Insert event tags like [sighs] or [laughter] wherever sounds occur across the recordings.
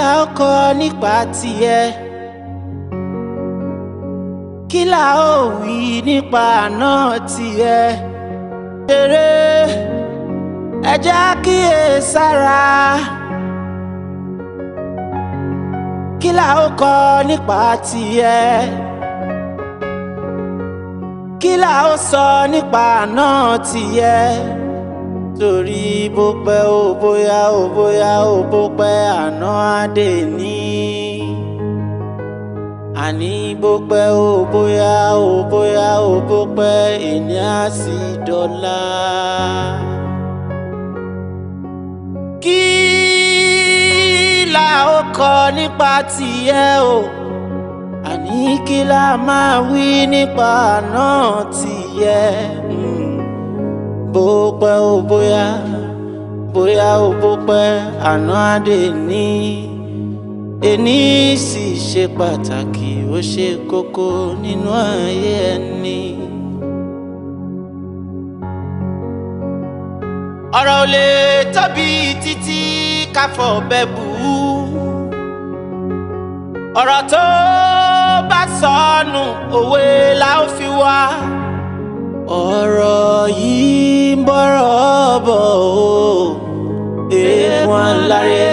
la ó kọ́ nípa tiẹ̀ kí la ó wí nípa àná tiẹ̀ eré ẹ jẹ́ kíyè sára kí la ó kọ́ nípa tiẹ̀ kí la ó sọ nípa àná tiẹ̀ torí bó pẹ́ ó bóyá ó bóyá ó bó pẹ́ àná àdè ní. àní bó pẹ́ ó bóyá ó bóyá ó bó pẹ́ èní á sì dọ́là. kí la ó kọ nípa tìyẹ́ o àní kí la máa wí nípa àná tìyẹ́. Mm bó pẹ́ ó bóyá bóyá ó bó pẹ́ àná adé ní ẹni sì ṣe pàtàkì ó ṣe kókó nínú ayé ẹni. ọ̀rọ̀ ò lè tóbi títí káfọ̀ bẹ́ẹ̀ bù ọ̀rọ̀ tó bá sọnù òwe la ó fi wá ọ̀rọ̀ yìí ń bọ̀rọ̀ bọ̀ o èèwọ̀n ńláre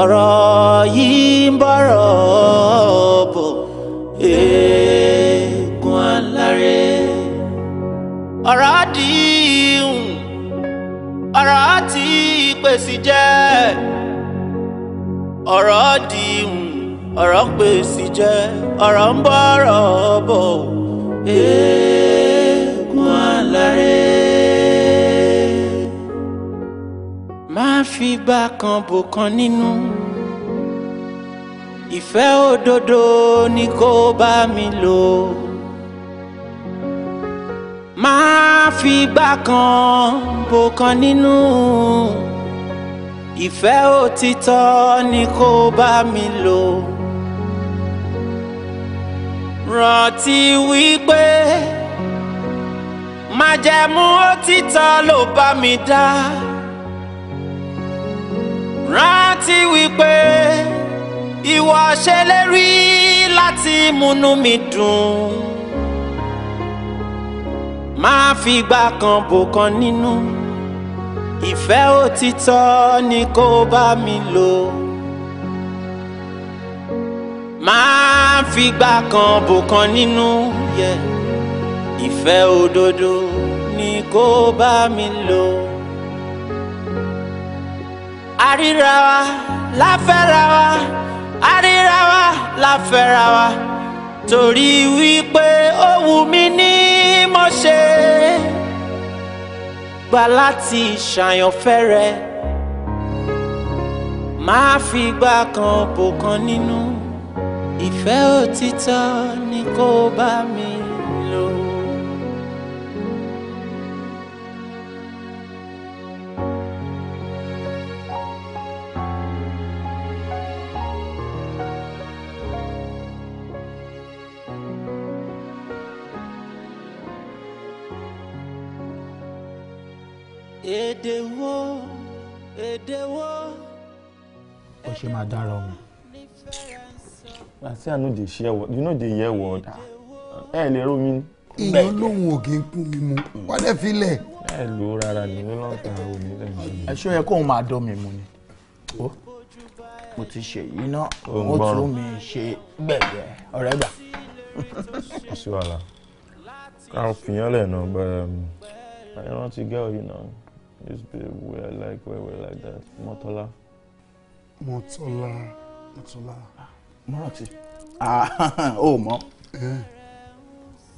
ọ̀rọ̀ yìí ń bọ̀rọ̀ bọ̀ èèwọ̀n ńláre ọ̀rọ̀ di ihun ọ̀rọ̀ tí ìpèsè jẹ́ ọ̀rọ̀ di ihun ọ̀rọ̀ pèsè jẹ́ ọ̀rọ̀ ń bọ̀rọ̀ bọ̀ o eégún aláré. má fi bá kan bò kan nínú ìfẹ́ òdodo ni kó bá mi lò. má fi bá kan bò kan nínú ìfẹ́ òtítọ́ ni kó bá mi lò rántí wípé májẹ̀mú òtítọ́ ló bá mi dá rántí wípé ìwọ ṣèlérí láti múnú mi dùn máa fi gbà kan bò nínú ìfẹ́ òtítọ́ ni kó bá mi lò máa figbá kan bò kan nínú yẹ ìfẹ́ òdodo ni kó bá mi lò. àríra wa láfẹ́ra wa àríra wa láfẹ́ra wa torí wípé ó wù mí ní mo ṣe gbà láti ṣàyànfẹ́ rẹ máa figbá kan bò kan nínú ìfẹ́ òtítọ́ ni kó bá mi lò. èdè wo èdè wo. ó ṣe máa dára ọmọ. Ah, I say I no dey share word. You no dey hear word. Ẹ lè ró mi. Ìyàn lóhun ògì ń kún mi mu. Wọ́n lè fi lẹ̀. Ẹ lò ó rárá ni mi náà ta omi lẹ́yìn. Ẹ ṣó yẹ kóun máa dán mi mu ni. Mo ti ṣe yìí náà, mo tún mi ṣe gbẹ̀gbẹ̀ ọ̀rẹ́ gbà. Kò sí wàhálà. Ká fìyàn lẹ̀ náà bẹ̀rẹ̀ mi. Um, I rántí girl yìí náà. This babe wey I like well well like that. Mọ́tọ́lá. Mọ́tọ́lá. Mọ́tọ́lá mo rántí ó mọ.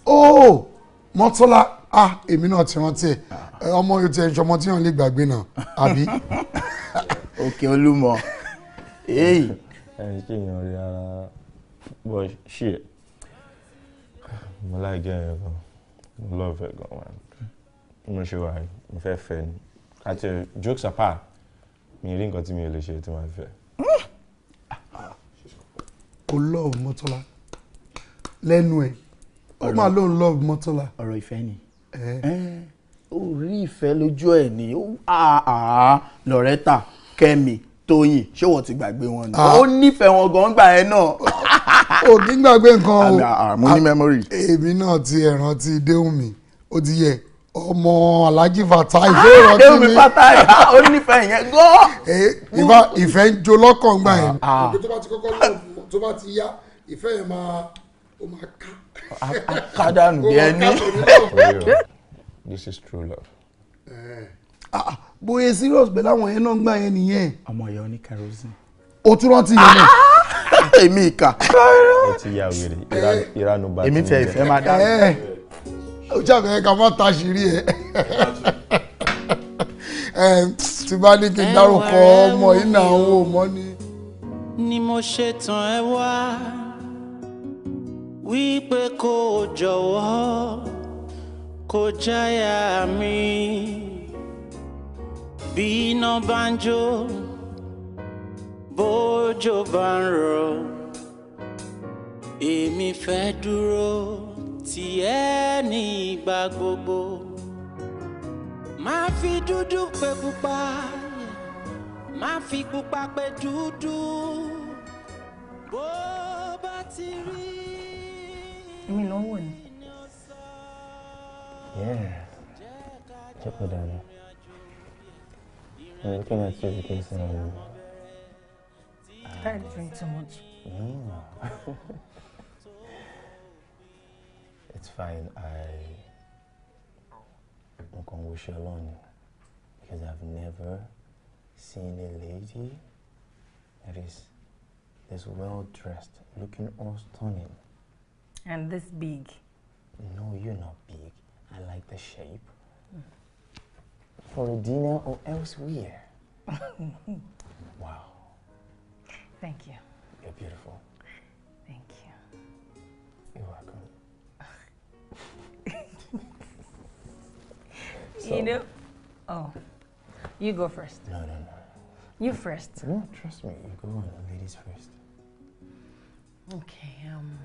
ó mọ́tọ́lá ah, èmi náà ti rántí ẹ ọmọ yóò ti ẹ ṣọmọ tí wọn lè gbàgbé náà àbí. [laughs] òkè olúmọ èyí. ẹ ń ṣe èèyàn rí ara bọ ṣí ẹ mo láì gẹ ẹ gan mo lọ fẹ gan wa mo ṣe wà mo fẹ fẹ ni àti jokes apart mi rí nǹkan tí mi ò lè ṣe tí wọn fẹ. Hmm kò love Mọ́tọ́lá lẹ́nu ẹ̀ ó máa lóun love Mọ́tọ́lá. ọ̀rọ̀ ìfẹ́ ni ó rí ìfẹ́ lójú ẹ̀ ní Loretta Kẹ́mi Tóyìn ṣé wọ́n ti gbàgbé wọn ni ó nífẹ̀ẹ́ wọn gan gbà ẹ náà. ò [laughs] ní gbàgbé nǹkan o mo ní memory. èmi náà ti ẹ̀ràn ti déhùn mi ó ti yẹ ọmọ alhaji fatai ló rọ kí mi fatai ó nífẹ̀ẹ́ yẹn gan. [laughs] ìfẹ́ ń jó lọ́kàn gbà yẹn tó bá ti yá ìfẹ́ yẹn máa ó máa ká. akádànù bí [laughs] ẹni. [laughs] this is true love. Eh. bóyá serious pẹ̀lú àwọn yẹn náà gbà yẹn nìyẹn. ọmọ ìyá oní kerosene. o tún rántí yẹn náà ah! èmi ìka. ẹ ti ya wèrè ìranu eh. bá ti ń jẹ. èmi tẹ ìfẹ́ máa dá. ọjà bẹ̀rẹ̀ ká má ta ṣìírí ẹ̀ [laughs] eh, tí bá ní kí n dárúkọ ọmọ yìí náà ń wò mọ́ ni ni mo ṣe tàn ẹ́ wá wípé kó jọ̀wọ́ kó jáyà mi bí iná bá ń jó bójò bá ń rọ̀ èmi fẹ́ dúró tì ẹ́ ìgbà gbogbo má fi dúdú pè pupa má fi pupa pè dúdú èmi ló ń wò ni. ṣé kò dára I'm looking at you because um, I can't drink too much. No. Mm. [laughs] It's fine. I I'm gonna wish you alone because I've never seen a lady that is is well dressed, looking all stunning. And this big? No, you're not big. I like the shape. Mm. For a dinner or elsewhere. [laughs] wow. Thank you. You're beautiful. Thank you. You're welcome. [laughs] so, you know, oh, you go first. No, no, no. You first. No, trust me. You go on. Ladies first. Okay, um,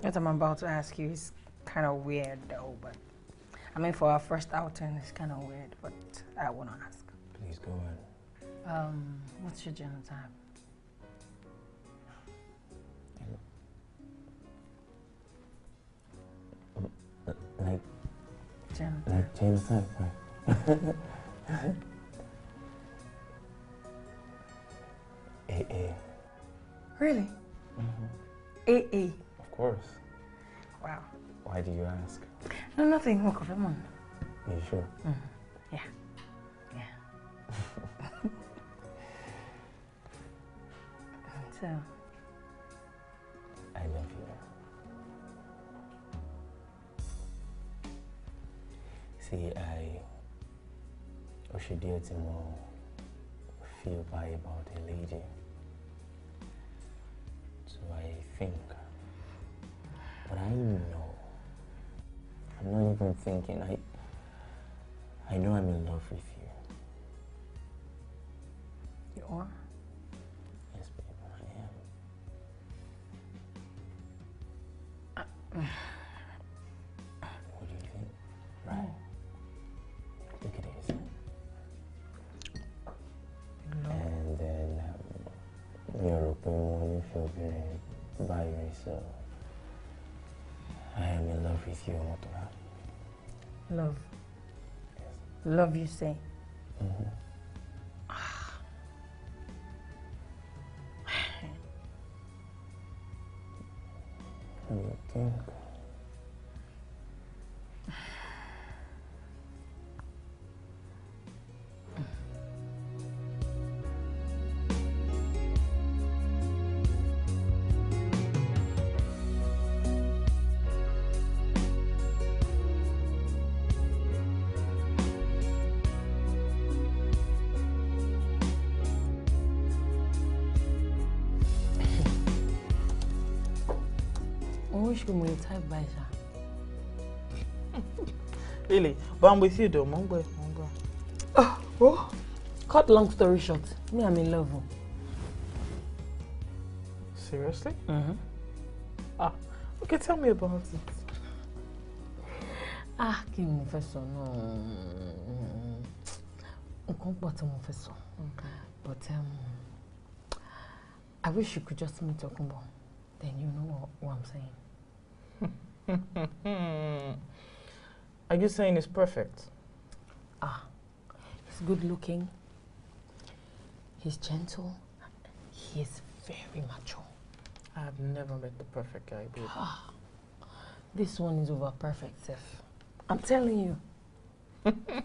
what I'm about to ask you is kind of weird though, but I mean, for our first outing, it's kind of weird, but I want to ask. Please go ahead. Um, what's your general time? Like, general Like time, right? 8 [laughs] Really? AA. Mm-hmm. Eh, eh. Of course. Wow. Why do you ask? No, nothing. Look, come on. Are you sure? Mm Yeah. Yeah. so. [laughs] Uh, I love you. See, I. Oshidi Otimo feel bad about a lady. I think. But I know. I'm not even thinking. I I know I'm in love with you. You are? love. Love you say. true mo yẹ type by ṣá. [laughs] really but i'm with you though mo ń gbọ́ mo ń gbọ́. Ah, oh. cut long story short me i'm in love. seriously. Mm-hmm. ah okay tell me about it. ah kí ni mo fẹ́ sọ náà nǹkan pọ̀ tí mo fẹ́ sọ but um, I wish you could just meet Okumbo then you know what, what I'm saying. Are you saying he's perfect? Ah, he's good looking. He's gentle. He is very mature. I have never met the perfect guy. Ah, this one is over perfect, Seth. I'm telling you. [laughs]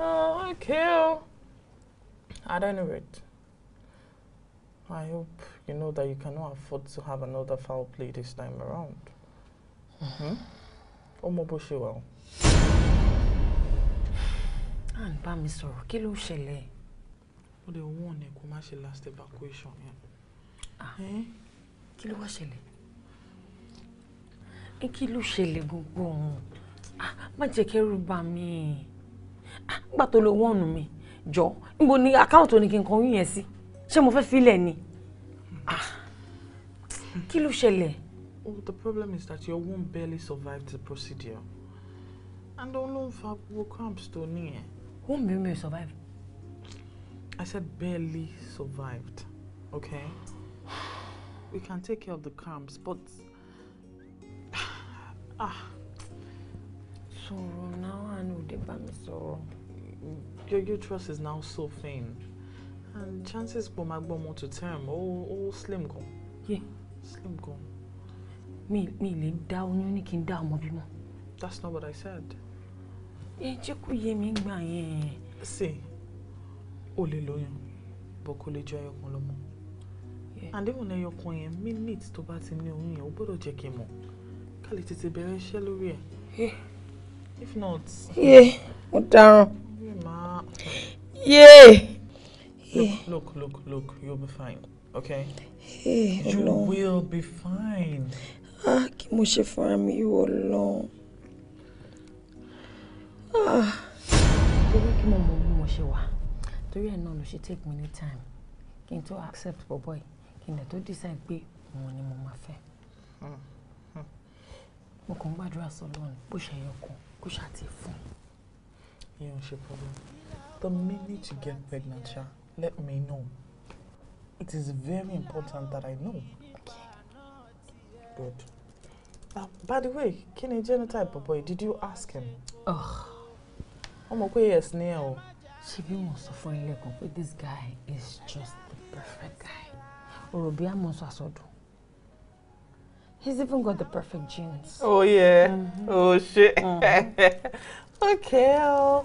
oh, I kill. I don't know it. I hope you know that you cannot afford to have another foul play this time around. ọmọ hmm? bó ṣe wà o. à ń bá mi sọ̀rọ̀ kí ló ṣẹlẹ̀. ó lè wọ́n ní kó má ṣe last evacuation yẹn. kí ló wá ṣẹlẹ̀ kí ló ṣẹlẹ̀ gbogbo ọ̀hún má jẹ́ kẹ́rù bà mí nígbà tó lọ wọ́ọ̀nù mi jọ níbo ni àkáǹtì oní kí n kan yín yẹn sí ṣé mo fẹ́ filẹ̀ ni kí ló ṣẹlẹ̀. Well, oh, the problem is that your womb barely survived the procedure. And Olun Fabu cramps to near. Womb barely survived? I said barely survived, okay? We can take care of the cramps, but... [sighs] ah. So now, I know the bam sorrow. Your uterus is now so thin. And chances for my bum to term, all, all slim gone. Yeah. Slim gone mi mi lè dá oyún ní kí n dá ọmọ bímọ. that's not what i said. ẹ jẹ́ kó yé mi gbà yẹn. see o lè lóyún bó kó lè jọ ẹyọkan lọ́mọ and even ẹyọkan yẹn minute tó bá ti ní oyún yẹn o gbọ́dọ̀ jẹ́ kí n mọ̀ ká lè tètè bẹ̀rẹ̀ iṣẹ́ lórí ẹ̀ if not. yé mo dáràn. yé. look look look you'll be fine okay. Hey, you will be fine ah kí mo ṣe fara mi ìwọ lọ́hùn. torí ah. kí mo mọ bí mo ṣe wà torí ẹ̀ náà ló ṣe take me ní time kí n tó accept for boy, kí n dẹ̀ tó decide pé òun ni mo máa fẹ́. mo kàn ń gbàdúrà sọ́lọ́run bó ṣe yọ kan kó ṣàti fún un. ò ṣe problem the minute you get pregnant sha let me know it is very important that I know good. Uh, by the way, kí ni genotype bọ̀bọ̀ boy? Did you ask him? Ọmọ pé yes ni ẹ o. Ṣebí mo sọ fún ilé this guy is just the perfect guy. Òròbí àmọ̀sọ àsọdùn. He's even got the perfect genes. Oh yeah. Mm-hmm. Oh shit. Mm-hmm. okay. Oh.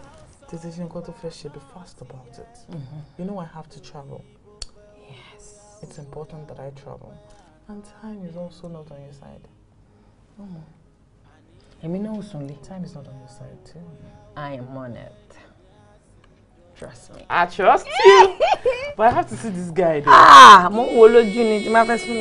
Decision got to fresh be fast about it. Mm-hmm. You know I have to travel. Yes. It's important that I travel and time is also not on your side. No mm. more. náà ò sùn lé. Time is not on your side too. I am on it. Trust me. I trust you. [laughs] But I have to see this guy though. Ah, mo wo lójú ni tí ma fẹ́ sùn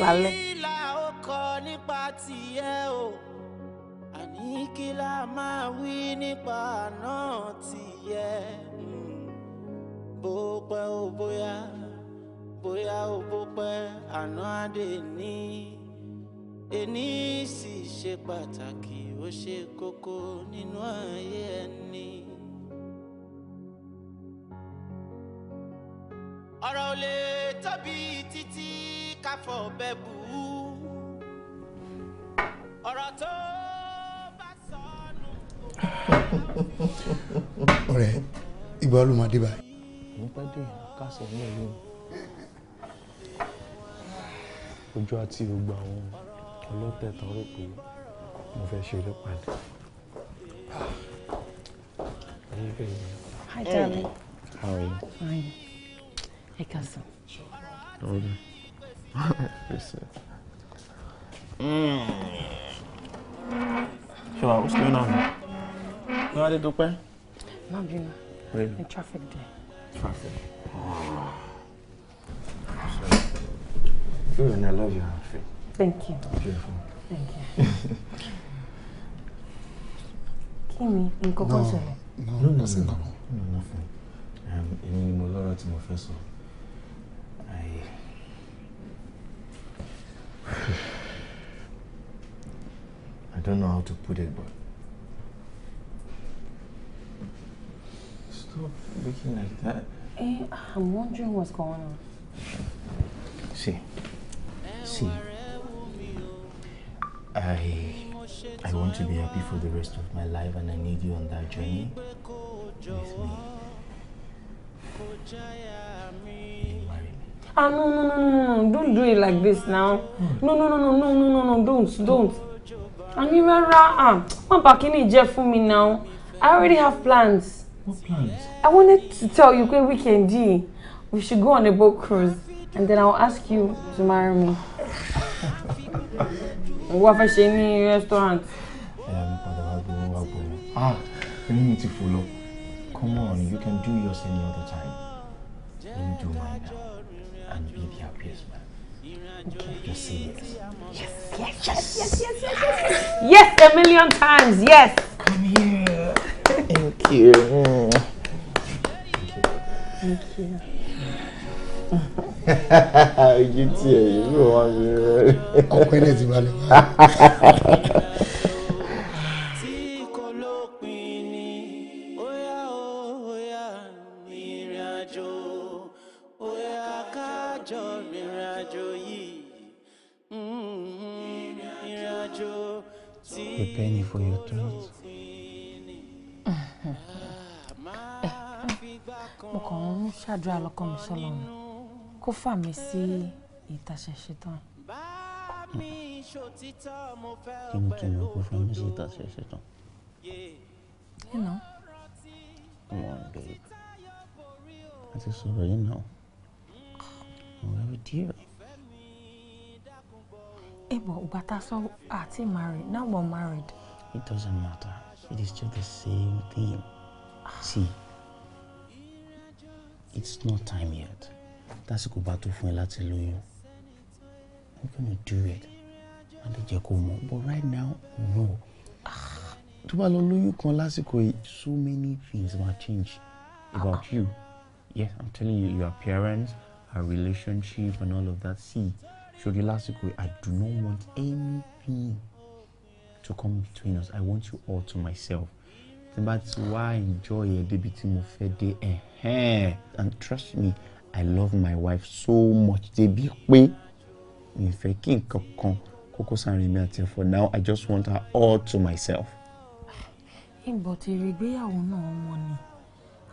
bóyá ó bó pẹ́ àná adé ní ẹni sì ṣe pàtàkì ó ṣe kókó nínú ayé ẹni. ọ̀rọ̀ ò lè tóbi títí káfọ̀ ọ̀bẹ bù ọ̀rọ̀ tó bá sọ nù. [laughs] ọ̀rẹ́ ìgbà ló báyìí. mo pẹ́ dé ká sọ ní ẹ̀yìn. ojú àti gbogbo àwọn ọlọ́tẹ̀ tán rò pé mo fẹ́ ṣeré padà. Ah, hi darling. how are you. fine. ẹ kà sàn. ọ̀rẹ́ pèsè. ṣé wàá ó sì lónà mi. ní wàá dé tó pẹ́. má bínú. Really? The traffic there. Traffic. Oh. Good, oh, and I love your outfit. Thank you. Beautiful. Thank you. Kimi, in Kokoshele? No, no, no, no, nothing. No, nothing. Um, in Molora to Mofeso, I. [sighs] I don't know how to put it, but. Stop looking like that. Hey, eh, I'm wondering what's going on. See. See, I I want to be happy for the rest of my life and I need you on that journey with me. Ah no no no no no don't do it like this now. No no no no no no no no don't don't. Ani rárá ah má bà kíní jẹ́ fún mi now. I already have plans. What plans? I wanted to tell you we can do. we should go on a boat cruise and then I'll ask you to marry me mo wá fẹ́ ṣe ní restaurant. padà wá gbọ́ wá gbọ́ ah inú mi ti fò lọ come on you can do yours any other time you do mine now and be the happiest man. Okay. Just say yes. Yes, yes, yes, yes, yes, yes, yes. Yes, a million times, yes. Come here. Thank you. Mm. Thank you. Thank you ojú tí ẹ yìí ló wá mi rẹ. ọpẹ́ náà ti balẹ̀ wá. for your throat. mo kàn ń ṣàdúrà lọ́kàn mi sọ́lọ́run kó fà mí sí ìtàṣẹ̀ṣe tán. kí ni kí ni kó fà mí sí ìtàṣẹ̀ṣe tán. you know. come on babe a ti sọ̀rọ̀ yìí náà ọ̀rẹ́ mi díẹ̀. ẹ bọ̀ ìgbà tá a àti married now we're married. it doesn't matter it is still the same thing see it's not time yet tásìkò bá tó fún ẹ láti lóyún i'm gonna do it má lè jẹ́ kó mọ̀ but right now no ah, tó bá lọ lóyún kan lásìkò yìí so many things ma change about ah. you yes i'm telling you your appearance our relationship and all of that see ṣòrí lásìkò yìí i do not want anything to come between us i want you all to myself tí n bá ti wá enjoy ẹ débi tí mo fẹ́ dé ẹ̀hẹ́n and trust me. I love my wife so much débi pé mi fẹ́ kí nǹkan kan Koko Sanre mi àti for now I just want her all to myself. ìbọ̀ tèrè ìgbéyàwó náà wọn ni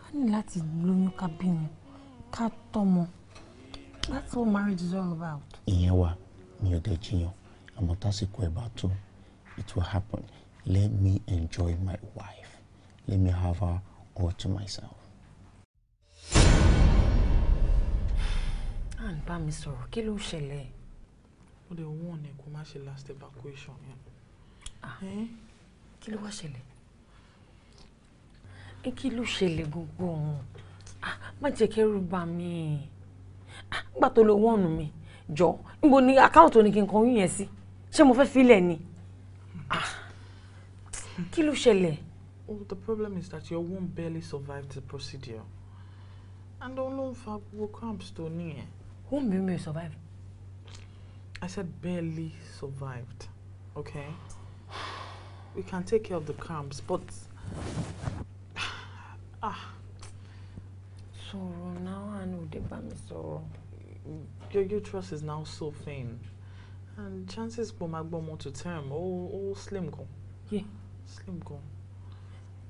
a ní láti lóyún ká bímọ ká tọ́mọ that's what marriage is all about. ìyẹn wà mi ò dẹ̀ jiyàn àmọ́ tásìkò ẹ̀ bá tó it will happen let me enjoy my wife let me have her all to myself à bá mi sọ̀rọ̀ kí ló ṣẹlẹ̀. ó lè wọ́n ní kó má ṣe last evacuation yẹn. Ah. kí ló wá ṣẹlẹ̀ kí ló ṣẹlẹ̀ gbogbo ọ̀hún ah, má jẹ́ kẹ́rù bà mí ah, nígbà tó lè wọ́n mi jọ níbo ni àkáǹtì oní kí yẹn sí ṣé mo fẹ́ filẹ̀ ni kí ló ṣẹlẹ̀. Oh, the problem is that your womb barely survived the procedure. And ó ló ń fa gbogbo cramps tó níyẹn. Won't Mimi survive? I said barely survived. Okay? We can take care of the cramps, but... [sighs] ah. Sorrow now, I know they buy me sorrow. Your uterus is now so thin. And chances for my bum to term, all, all slim gone. Yeah. Slim gone.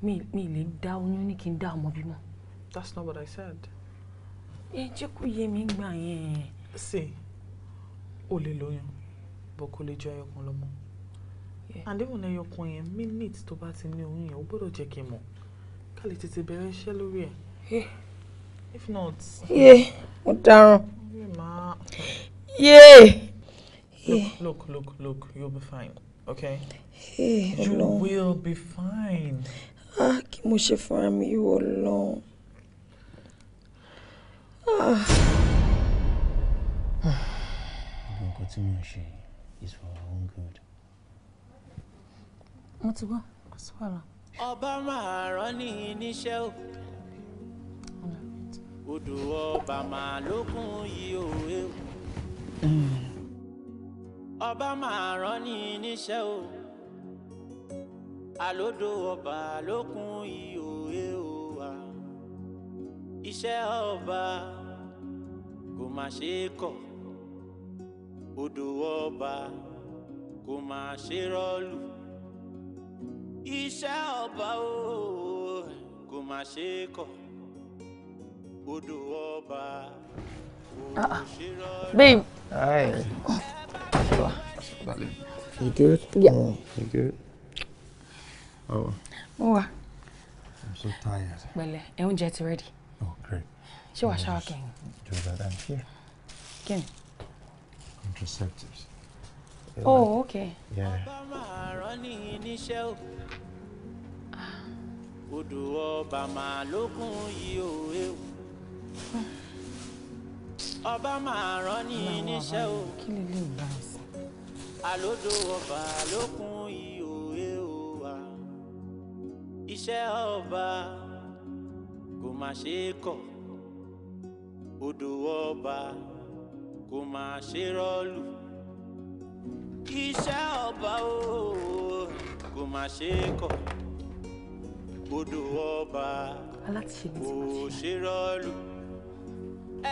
Me, me, lay down, you can down, That's not what I said ẹ jẹ́ kó yé mi gbà yẹn. sí o lè lóyún bó kó lè jọ ẹyọkan lọ́mọ àdéhùn ẹyọkan yẹn mínítì tó bá ti ní oyún yẹn o gbọ́dọ̀ jẹ́ kí n mọ̀ ká lè tètè bẹ̀rẹ̀ iṣẹ́ lórí ẹ̀ if not. yé mo dáràn. yé. look look look you'll be fine okay. Hey, you will be fine. ah kí mo ṣe fún mi ìwọ lọ́hùn nǹkan tí mo ń ṣe is for our own good. mo ti gbọ́ kò sí wàhálà. ọba máa rán ní níṣẹ́ o odò ọba máa lókun yìí ò ewu ọba máa rán ní níṣẹ́ o àlódò ọba lókun yìí ò iṣẹ́ ọba kò má ṣe é kọ̀ odò ọba kò má ṣe rọ́ọ̀lù iṣẹ́ ọba kò má ṣe é kọ̀ odò ọba kò ah, ah. ṣe rọ́ọ̀lù. Hi. You good? Yeah. Oh, you good? Oh. Oh. I'm so tired. Pẹ̀lẹ́, oúnjẹ ti ready. Oh, great. You are shocking. Do that and here. Again. Contraceptives. oh, okay. Yeah. [sighs] odò [sighs] ọba máa lókun iṣẹ́ ọba kò má ṣe é kọ̀ odò ọba kò má ṣe rọ́ọ̀lù iṣẹ́ ọba o kò má ṣe é kọ̀ odò ọba kò ṣe rọ́ọ̀lù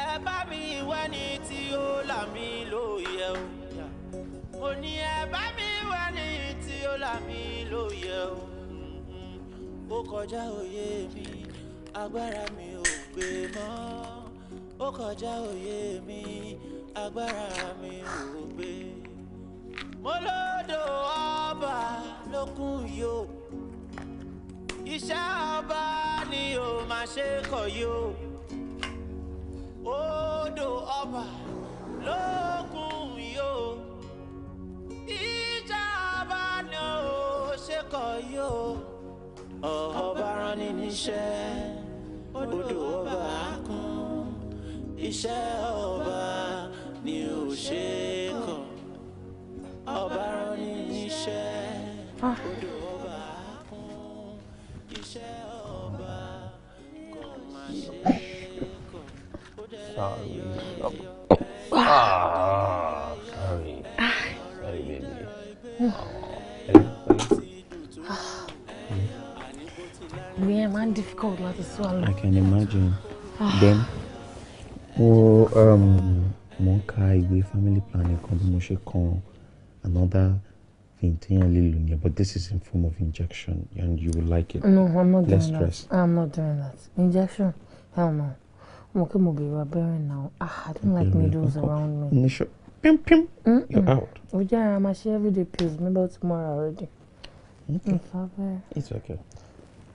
ẹ bá mi wẹ́ni tí ó là mí lóye o mo ní ẹ bá mi wẹ́ni tí ó là mí lóye o ó kọjá òye mi agbára mi ò gbé mọ́ ó kọjá òye mi agbára mi ò gbé. mo lọ́dọ̀ ọba lókun yó iṣẹ́ ọba ni ò máa ṣe kọ̀ yó odò ọba lókun yó iṣẹ́ ọba ni ò ṣe kọ̀ yó ọba rán ni níṣẹ́ odò ọba kún iṣẹ́ ọba ni ò ṣe é ọba rán ni odò ọba kún iṣẹ́ ọba kò má ṣe é ó dẹ̀ lẹ́yìn ọ̀yọ́ yẹn máa ń difficult swallow. I can imagine. Ah. Then wo um, mo ń ka family planning kan bí mo ṣe kan another thing téèyàn lè lò but this is in form of injection and you will like it. No, I'm not Less doing stress. that. I'm not doing that. Injection? Hell no. Okay, kí mo bèrè abẹ́rẹ́ Ah, I don't like needles around me. Initial pim pim. Mm-mm. You're out. Ojú ara máa every day. pills. Maybe tomorrow already. Okay. It's okay.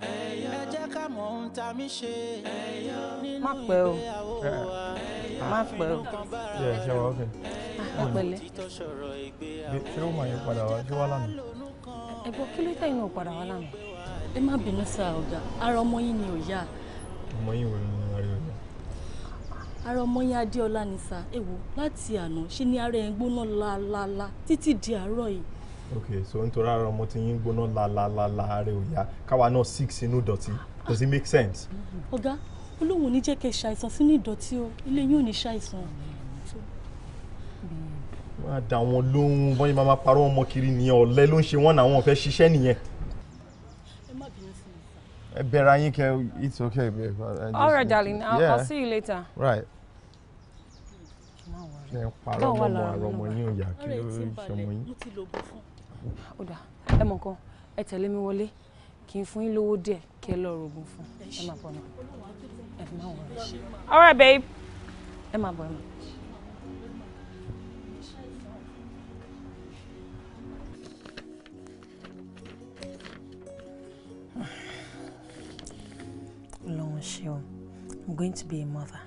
ẹ jẹ́ ká mọ̀ ohun tá a mi ṣe nínú ìgbéyàwó wa má pẹ́ o. ṣe ṣe wa ok. àpẹlẹ. Ah, ṣé ó máa yẹ padà wá ṣé wá lánàá. ẹ̀gbọ́n kí ló tẹ̀yìn náà padà wá lánàá. ẹ má bínú sáà ọ̀gá ara ọmọ yín ni ò yá. ọmọ yín wo ni ara yóò yá ara ọmọyìn adéọlá ni sá ewo láti àná ṣe ni ara ẹ̀ ń gbóná lálálá títí di àárọ̀ yìí ok so nítorí ara ọmọ tí yín gbóná làlàlà ààrẹ òyà káwa náà six inú ìdọ̀tí does it make sense. ọ̀gá olóhùn ní jẹ́ kẹ́ ṣàìsàn sínú ìdọ̀tí o ilé yín ò ní ṣàìsàn. máa dà wọn lóhùn bọ́n yín máa máa parọ́ ọmọ kiri nìyẹn ọ̀lẹ ló ń ṣe wọ́n náà wọn ò fẹ́ ṣiṣẹ́ nìyẹn. ẹ bẹ̀rẹ̀ ayín kẹ it's okay babe. all right darling I'll, yeah. I'll see you later. right ẹ parọ́ ọmọ àrọ́mọ yín ò yà kí ló ń ṣe ọmọ yín ó dà kan ẹ tẹ̀lé mi wọlé kí n fún yín lówó díẹ̀ kí ẹ lọ rògùn fún ẹ má bọ̀ ẹ má wọ̀ ẹ ṣe. all right babe. ẹ má bọ̀ ẹ mọ̀. Long show. I'm going to be a mother.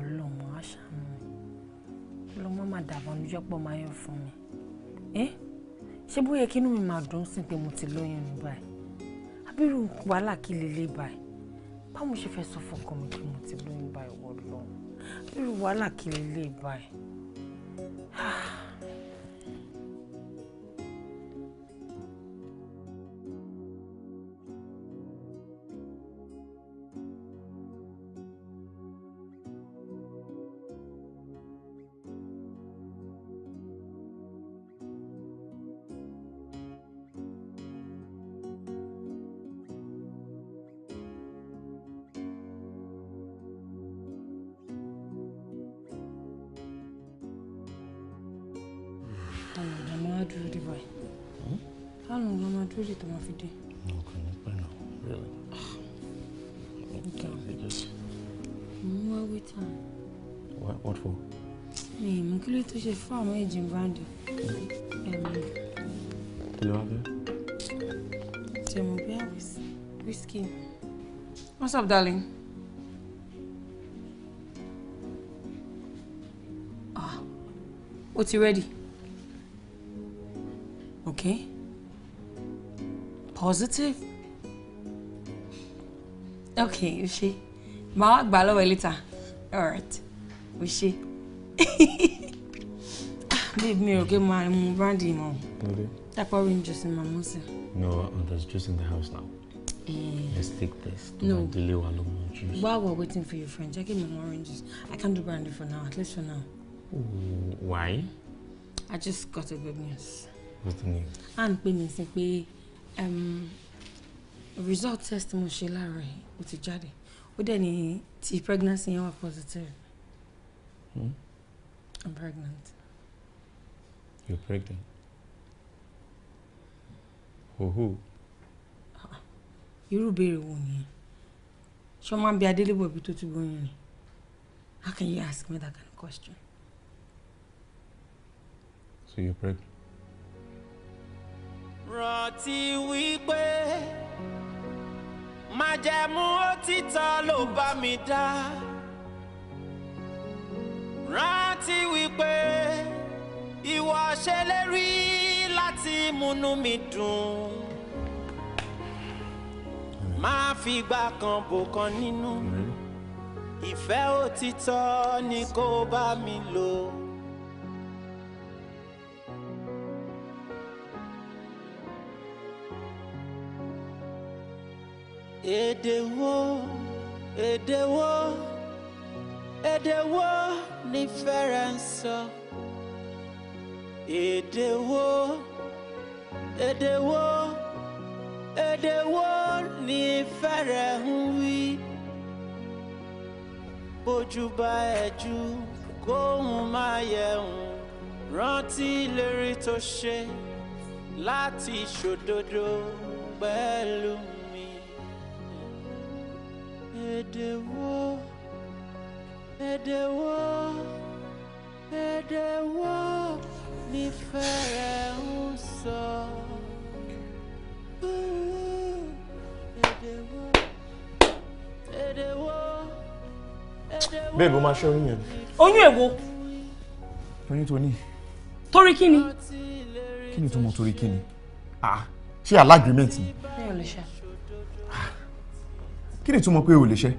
ọlọ́run aṣàánú ọlọ́run má dàbọ̀ níjọ́ pọ̀ máa yọ fún mi ẹ́ ṣé bóyá kí inú mi máa dùn sí pé mo ti lóyún ní báyìí abirù wàhálà kí lélẹ̀ báyìí báwo ṣe fẹ́ sọ fọkàn mi pé mo ti lóyún báyìí wọ́n abirù wàhálà kí lélẹ̀ báyìí. Ah. tó máa no, dé. mo kàn ní pẹ́ náà really. mo wá wíta. what for. Me, ì mú kí ló tó ṣe fún àwọn èjì brandy. kí ló wá fẹ́. jẹ̀mú bíi whiskey. what's up darling. ah What's you ready. okay. Positive? Okay, Ushi. Màá gbà lọ́wọ́ later. All right, [laughs] Babe, mi ò kí máa mu brandy mọ́. Really? That probably juice in my mouth. No, there's juice in the house now. Mm. Let's take this. no. Delay while I'm juice. While we're waiting for your friend, check me more oranges. I can't do brandy for now, at least for now. Why? I just got a good news. What's the news? And pé mi sin um, result test mo ṣe láàárọ̀ yìí ó ti jáde ó dẹ̀ ní ti pregnancy yẹn wà positive. Hmm? I'm pregnant. You're pregnant? Oho. Ah, irú ìbéèrè wo nìyẹn? Ṣé wọ́n máa ń bi Adélébọ̀ ibi tó ti gbóyún ni? How can you ask me that kind of question? So you're pregnant? rántí wípé májẹ̀mú òtítọ́ ló bá mi dá rántí wípé ìwọ ṣèlérí láti múnú mi dùn máa fi gbà kan bò kan nínú ìfẹ́ òtítọ́ ni kó bá mi lò. èdè wo èdè ni fẹ́rẹ̀ ń sọ èdè wo èdè ni fẹ́rẹ̀ ń wí bójú bá ẹjú kóhun má yẹun rántí ìlérí tó ṣe láti ṣòdodo pẹ̀lú mi èdè wo èdè wo èdè wo ní fẹ́rẹ̀ ń sọ. Bẹ́ẹ̀ bó máa ṣe oyún yẹn. Oyún èwo? Oyún tó ní. Torí kí ni? tó mọ torí kí Ah, ṣé alágbèmẹ̀tì ni? Mi ò lè ṣe kí ni ìtumọ̀ pé o lè ṣe.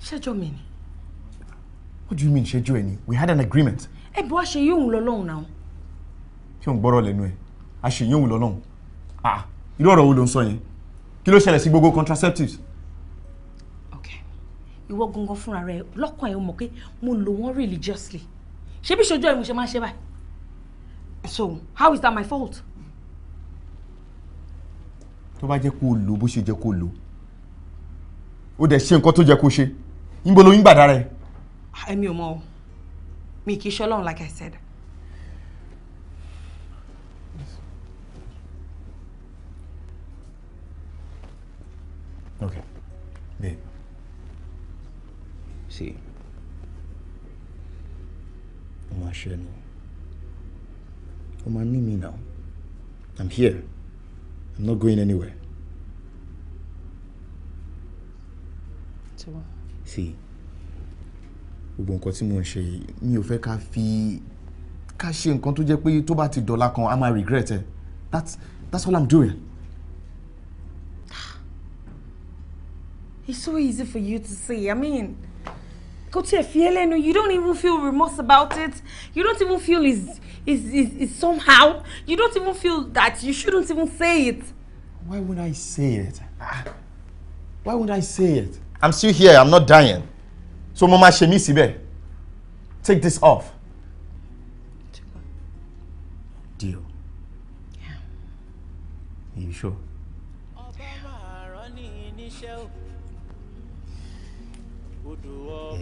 ṣẹjọ mi ni. what do you mean ṣẹjọ ẹ ni we had an agreement. ẹ bọ́ àṣẹ yóò ń lọ lọ́hùn náà. kí òun gbọ́rọ̀ lẹ́nu ẹ̀ àṣẹ yóò ń lọ lọ́hùn ah irú ọ̀rọ̀ wo ló ń sọ yẹn kí ló ṣẹlẹ̀ sí gbogbo contraceptives. ok ìwọ gangan fúnra rẹ lọ́kàn ẹ̀ o mọ̀ pé mo lò wọ́n religiously ṣé bí ṣojú ẹ̀ mo ṣe máa ṣe báyìí so how is that my fault tó bá jẹ́ kó o lò bó ṣe jẹ́ kó o lò ó dẹ̀ ṣe nǹkan tó jẹ́ kó o ṣe níbo lóyún gbàdá rẹ. èmi ò mọ o mi kì í ṣe ọlọ́run like I said. Okay, babe. See, I'm not sure now. I'm not I'm here. I'm not going anywhere. See, we won't tí mo ń ṣe yìí mi ò fẹ́ ká fi ká ṣe nǹkan tó jẹ́ pé I ma regret it that's that's all I'm doing. It's so easy for you to say. I mean kò tiẹ̀ fi ẹ́ you don't even feel remorse about it you don't even feel is is is it's somehow you don't even feel that you shouldn't even say it. why would I say it ah. why would I say it I'm still here I'm not dying so Mama máa take this off. Deal. Yeah. Are you sure?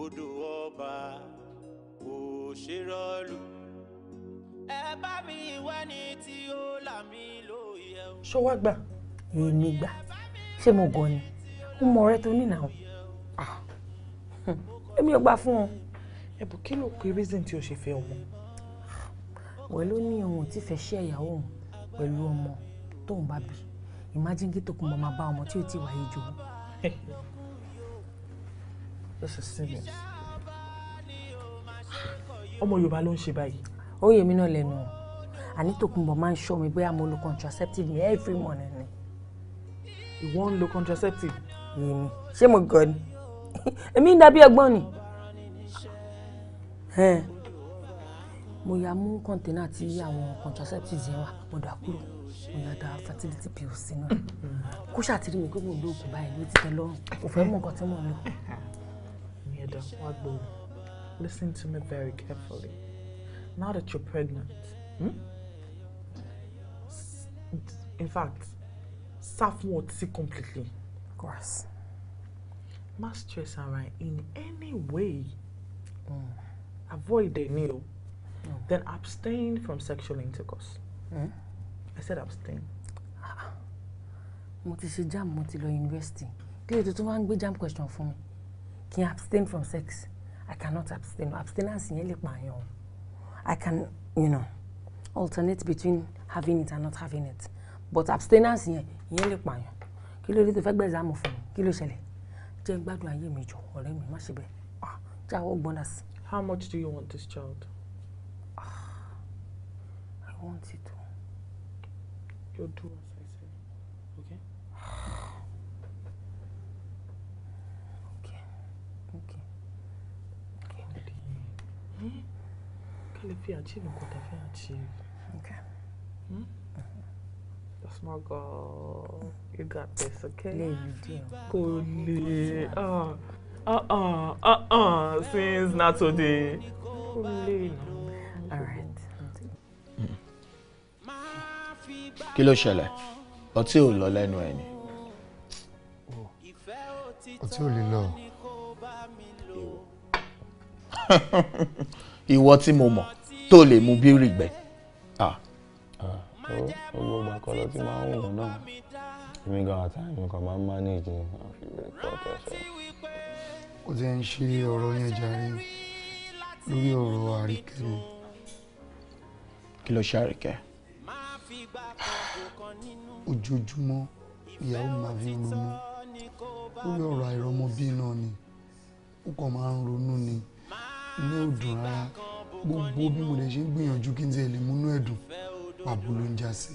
odò ọba kò ṣe rọlù. ẹ bá mi wẹ́ni tí ó là mí lóye. ṣó wá gbà gbà ṣé mo gọ ni ó mọ ọ̀rẹ́ tó ní náà èmi ò gbà fún ọ. ẹ̀bùn kí ló pe reason tí o ṣe fẹ́ ọmọ. wẹ́ẹ́ ló ní òun ò tí fẹ́ ṣe ìyàwó òun pẹ̀lú ọmọ tóun bá bí imagine kí tòkùnbọ̀ máa bá ọmọ tí ò tí wáyé jọ. [laughs] this is serious ọmọ yorùbá ló ń ṣe báyìí. ó yẹ mí náà lẹ́nu o àní tòkunbọ̀ máa ń ṣọ́ mi bóyá mo lo contraceptive ní every morning ni. ìwọ ń lo contraceptive. yìí ni ṣé mo gọ̀ ni [laughs] èmi ń dàbí ẹ̀gbọ́n ni mo ya mú kọ́ńténà tí àwọn contraceptives yẹn wà mo dà kúrò mo ya da fertility pills sínú ẹ̀ hmm. kó ṣàtìrí mi pé mo lo oògùn báyìí ló ti tẹ́ lọ́rùn kò fẹ́ mọ̀ nǹkan tí mo lò. Adam Wagbo, listen to me very carefully. Now that you're pregnant, hmm? in fact, Safmo see completely. Of course. Má stress ara in any way. Mm. Avoid the meal. Mm. Then abstain from sexual intercourse. Mm? I said abstain. Ah. mo ti ṣe jam mo ti lọ yunifásitì kí ló tó wá ń gbé jam question fún mi. Can abstain from sex i cannot abstain abstinence is lè pààyàn o i can you know alternate between having it and not having it but abstinence is yẹn lè pààyàn Kilo ló dé tó fẹ́ gbé exam fún mi kí ló ṣẹlẹ̀ jẹ́ n gbádùn ayé mi jọ ah jáwọ́ how much do you want this child. ah i want it o. yóò dúró ká lè fi achieve nǹkan tá a fẹ́ Okay. Hmm? That's my girl. You got this, okay? Lè mi dé o. Kò Uh-uh, uh-uh, since not today. Kò lè nà. All right. Kí ló ṣẹlẹ̀? Ọtí ò lọ lẹ́nu ẹ̀ ni. Ọtí ò lè lọ. [laughs] ìwọ tí mo mọ̀ tó lè mú bírì gbẹ. gbogbo ìgbà kan ló ti máa ń wùn náà èmi gan àti àyìn kan máa ń manage ní àfihàn ìpọ́tẹ́ sọ. ó ti ń ṣe ọ̀rọ̀ yẹn jàre lórí ọ̀rọ̀ àríkẹ́ mi. kí ló ṣe àríkẹ́? ojoojúmọ́ ìyàwó máa fi ronú lórí ọ̀rọ̀ àìrọ́mọbí náà ni ó kàn máa ń ronú ni inú ò dùn rárá gbogbo bí mo lè ṣe ń gbìyànjú kí n tiẹ̀ lè múnú ẹ̀ pàbó ló ń já sí.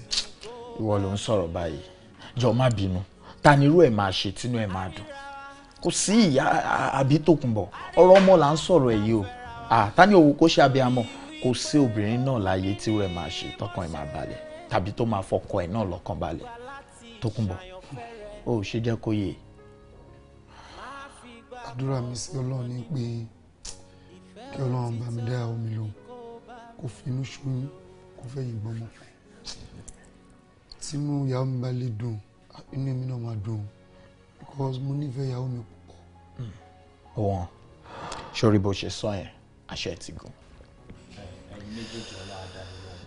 ìwọ ló ń sọ̀rọ̀ báyìí jọ má bínú ta ni irú ẹ̀ máa ṣe tínú ẹ̀ máa dùn kò sí ìyá àbí tòkunbọ̀ ọ̀rọ̀ ọmọ là ń sọ̀rọ̀ ẹ̀ yìí o ta ni òwò kó ṣe abiyamọ kò sí obìnrin náà láyé tí irú ẹ̀ máa ṣe tọkàn ẹ̀ máa balẹ̀ tàbí tó máa fọkọ ẹ̀ náà lọ́kàn balẹ̀ tòkunbọ̀ o ṣe jẹ́ kó yé. àdúrà mi sí ọlọ́run ni pé. Pe kí ọlọ́run bá mi dá omi lóhùn kò finú ṣoyún kò fẹ́ yìnbọn mọ́ tínú ìyàwó mi bá lè dùn inú èmi náà máa dùn because mo nífẹ̀ẹ́ ìyàwó mi púpọ̀. ọ̀wọ́n sórí bó ṣe sọ yẹn àṣẹ ti gùn. ẹ̀yin méjèèjì ọlá adarí lóhùn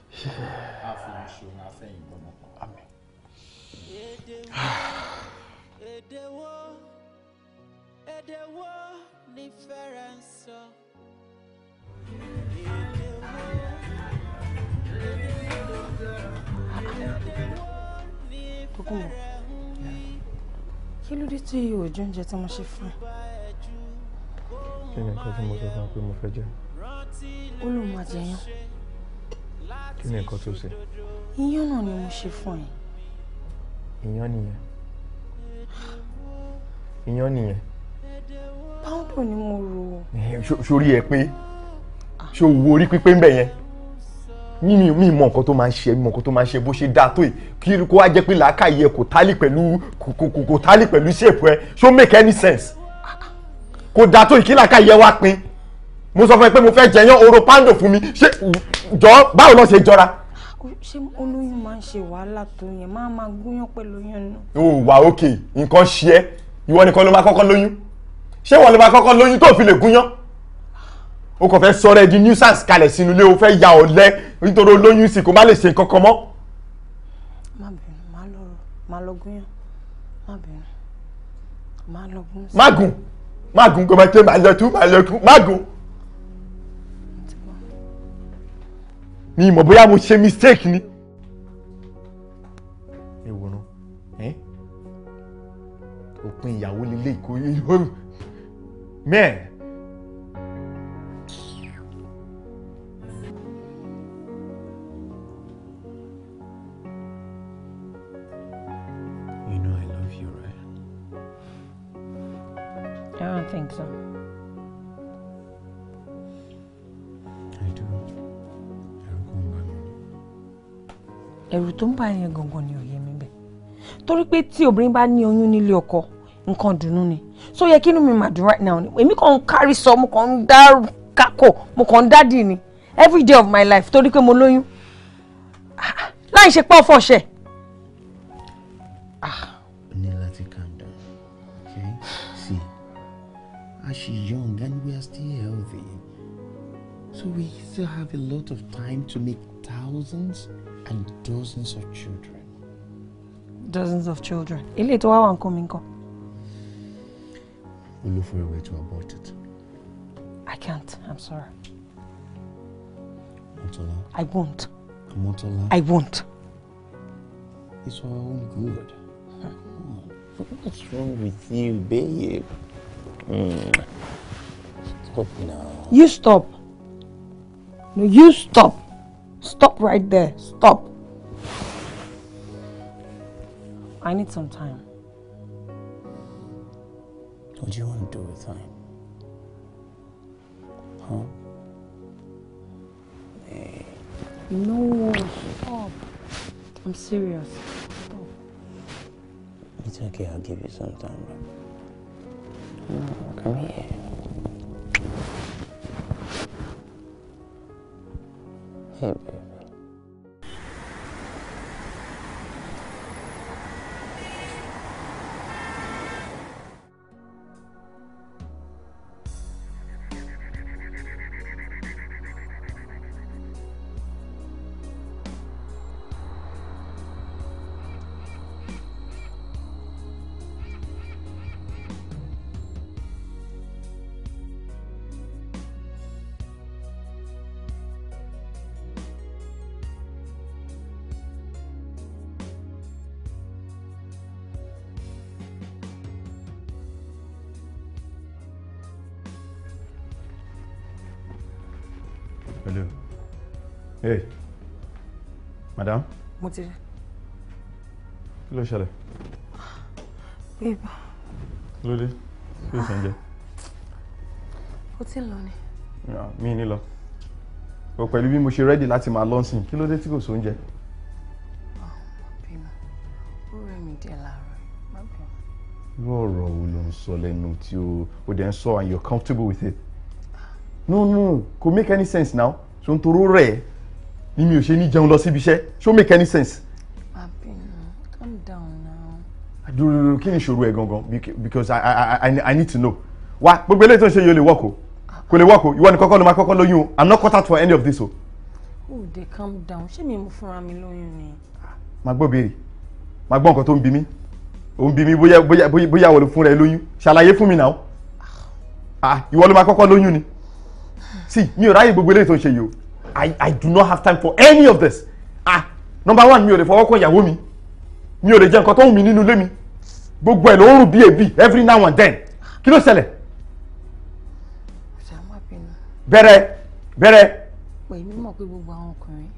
àfihàn ṣoyún afẹ́yìnbọn mọ́. kú o kí ló dé tí òjò oúnjẹ tí mo ṣe fún ẹ. kí ni nǹkan tí mo sọ fún ọ pé mo fẹ́ jẹ. ó lóun máa jẹyán. kí ni nǹkan tó ṣe. iyán náà ni mo ṣe fún ẹ. iyán nìyẹn. iyán nìyẹn. páúndù ni mo rò. sórí ẹ pé ṣé o wo orí pípé ń bẹ̀ yẹn mímí mi mọ nǹkan tó máa ń ṣe mi mọ nǹkan tó máa ń ṣe bó ṣe dáa tó yìí kí kó wá jẹ́ pé làákàyè kò tálì pẹ̀lú kò tálì pẹ̀lú ṣèpù ẹ ṣó make any sense kò dáa tó yìí kí làákàyè wá pin mo sọ fún ẹ pé mo fẹ́ jẹyán oro pando fún mi ṣé jọ báwo ló ṣe jọra. ṣé olóyún máa ń ṣe wàhálà tó yẹn máa máa gúnyán pẹ̀lú oyún náà. o wà òkè nǹkan ṣe ẹ ìwọ nìkan ló máa kọ́kọ́ lóyún ṣé ìwọ ló máa kọ́kọ́ lóyún tó fi lè gúnyán o kò fẹ́ sọ̀rọ̀ ẹ di nuisance kalẹ̀ sínú ilé o fẹ́ ya ọ̀lẹ nítorí olóyún sí kò má lè ṣe nǹkan kan mọ́. má bínú má lọ má lọ gúnyàn má bínú má lọ gún. má gùn má gùn kò má ké má lọ tún má lọ tún má gùn. mi ì bóyá mo ṣe mistake ni. ìwòran òpin ìyàwó lélẹ́yìí kò yé mẹ́ẹ̀. think so. I do. ẹ̀rù tó ń bá yẹn gangan ni ò yé mi bẹ́ẹ̀ torí pé tí obìnrin bá ní oyún nílé ọkọ nǹkan dùnú ni so yẹ kí inú mi máa right now ni èmi kàn ń kárí sọ mo kàn ń dá kákò mo kàn ń dádì ni every day of my life torí pé mo lóyún ah, ah, láì ṣe pé ọ̀fọ̀ ṣẹ̀. as young and we are still healthy. So we still have a lot of time to make thousands and dozens of children. Dozens of children. Ilé tó wá wà ń kó mi we We'll look for a way to abort it. I can't. I'm sorry. Motola. I won't. Motola. I won't. It's for our own good. Hmm. What's wrong with you, babe? Stop now. You stop. No, you stop. Stop right there. Stop. I need some time. What do you want to do with time? Huh? Hey. No, stop. I'm serious. Stop. It's okay, I'll give you some time. come here. Hey, babe. ti rí. kí ló ṣẹlẹ̀. bíbá. kí ló dé kí ló ṣe ń jẹ. o ti ń lọ ni. mi ní lọ o pẹ̀lú bí mo ṣe rẹ́dì láti máa lọ sí kí ló dé tí kò sóúnjẹ. irú and you're comfortable with it. no no could make any sense now so n toró ni mi ò ṣe ní jẹun lọ síbi iṣẹ́ ṣó make any sense. abinu calm down now. dúró kí ni ìṣòro ẹ gangan because I, I, I, I need to know wa gbogbo eléyìí tó ń ṣe yìí ò lè wọ́ọ̀kù kò lè wọ́ọ̀kù ìwọ ni kọ́kọ́ ló máa kọ́kọ́ lóyún o I'm not cut out for any of this o. oh dey calm down ṣé mi mú fúnra mi lóyún ni. màá gbọ́ béèrè màá gbọ́ nǹkan tó ń bí mi ò ń bí mi bóyá bóyá bóyá wọlé fúnra ẹ lóyún ṣàlàyé fún mi náà ah. ah ìwọ ló máa kọ́kọ́ lóyún ni hmm. sí mi ò ráyè gbogbo eléyìí tó ń ṣe I, I do not have time for any of this. Ah, number one mi ò lè fọwọ́ kọ ìyàwó mi. Mi ò lè jẹ nǹkan tó wù mí nínú ilé mi. Gbogbo ẹ̀ ló ń rùn bí èbí every now and then. Kí ló ṣẹlẹ̀? Bẹ̀rẹ̀ bẹ̀rẹ̀. Pè mí mọ̀ pé gbogbo àwọn ọkùnrin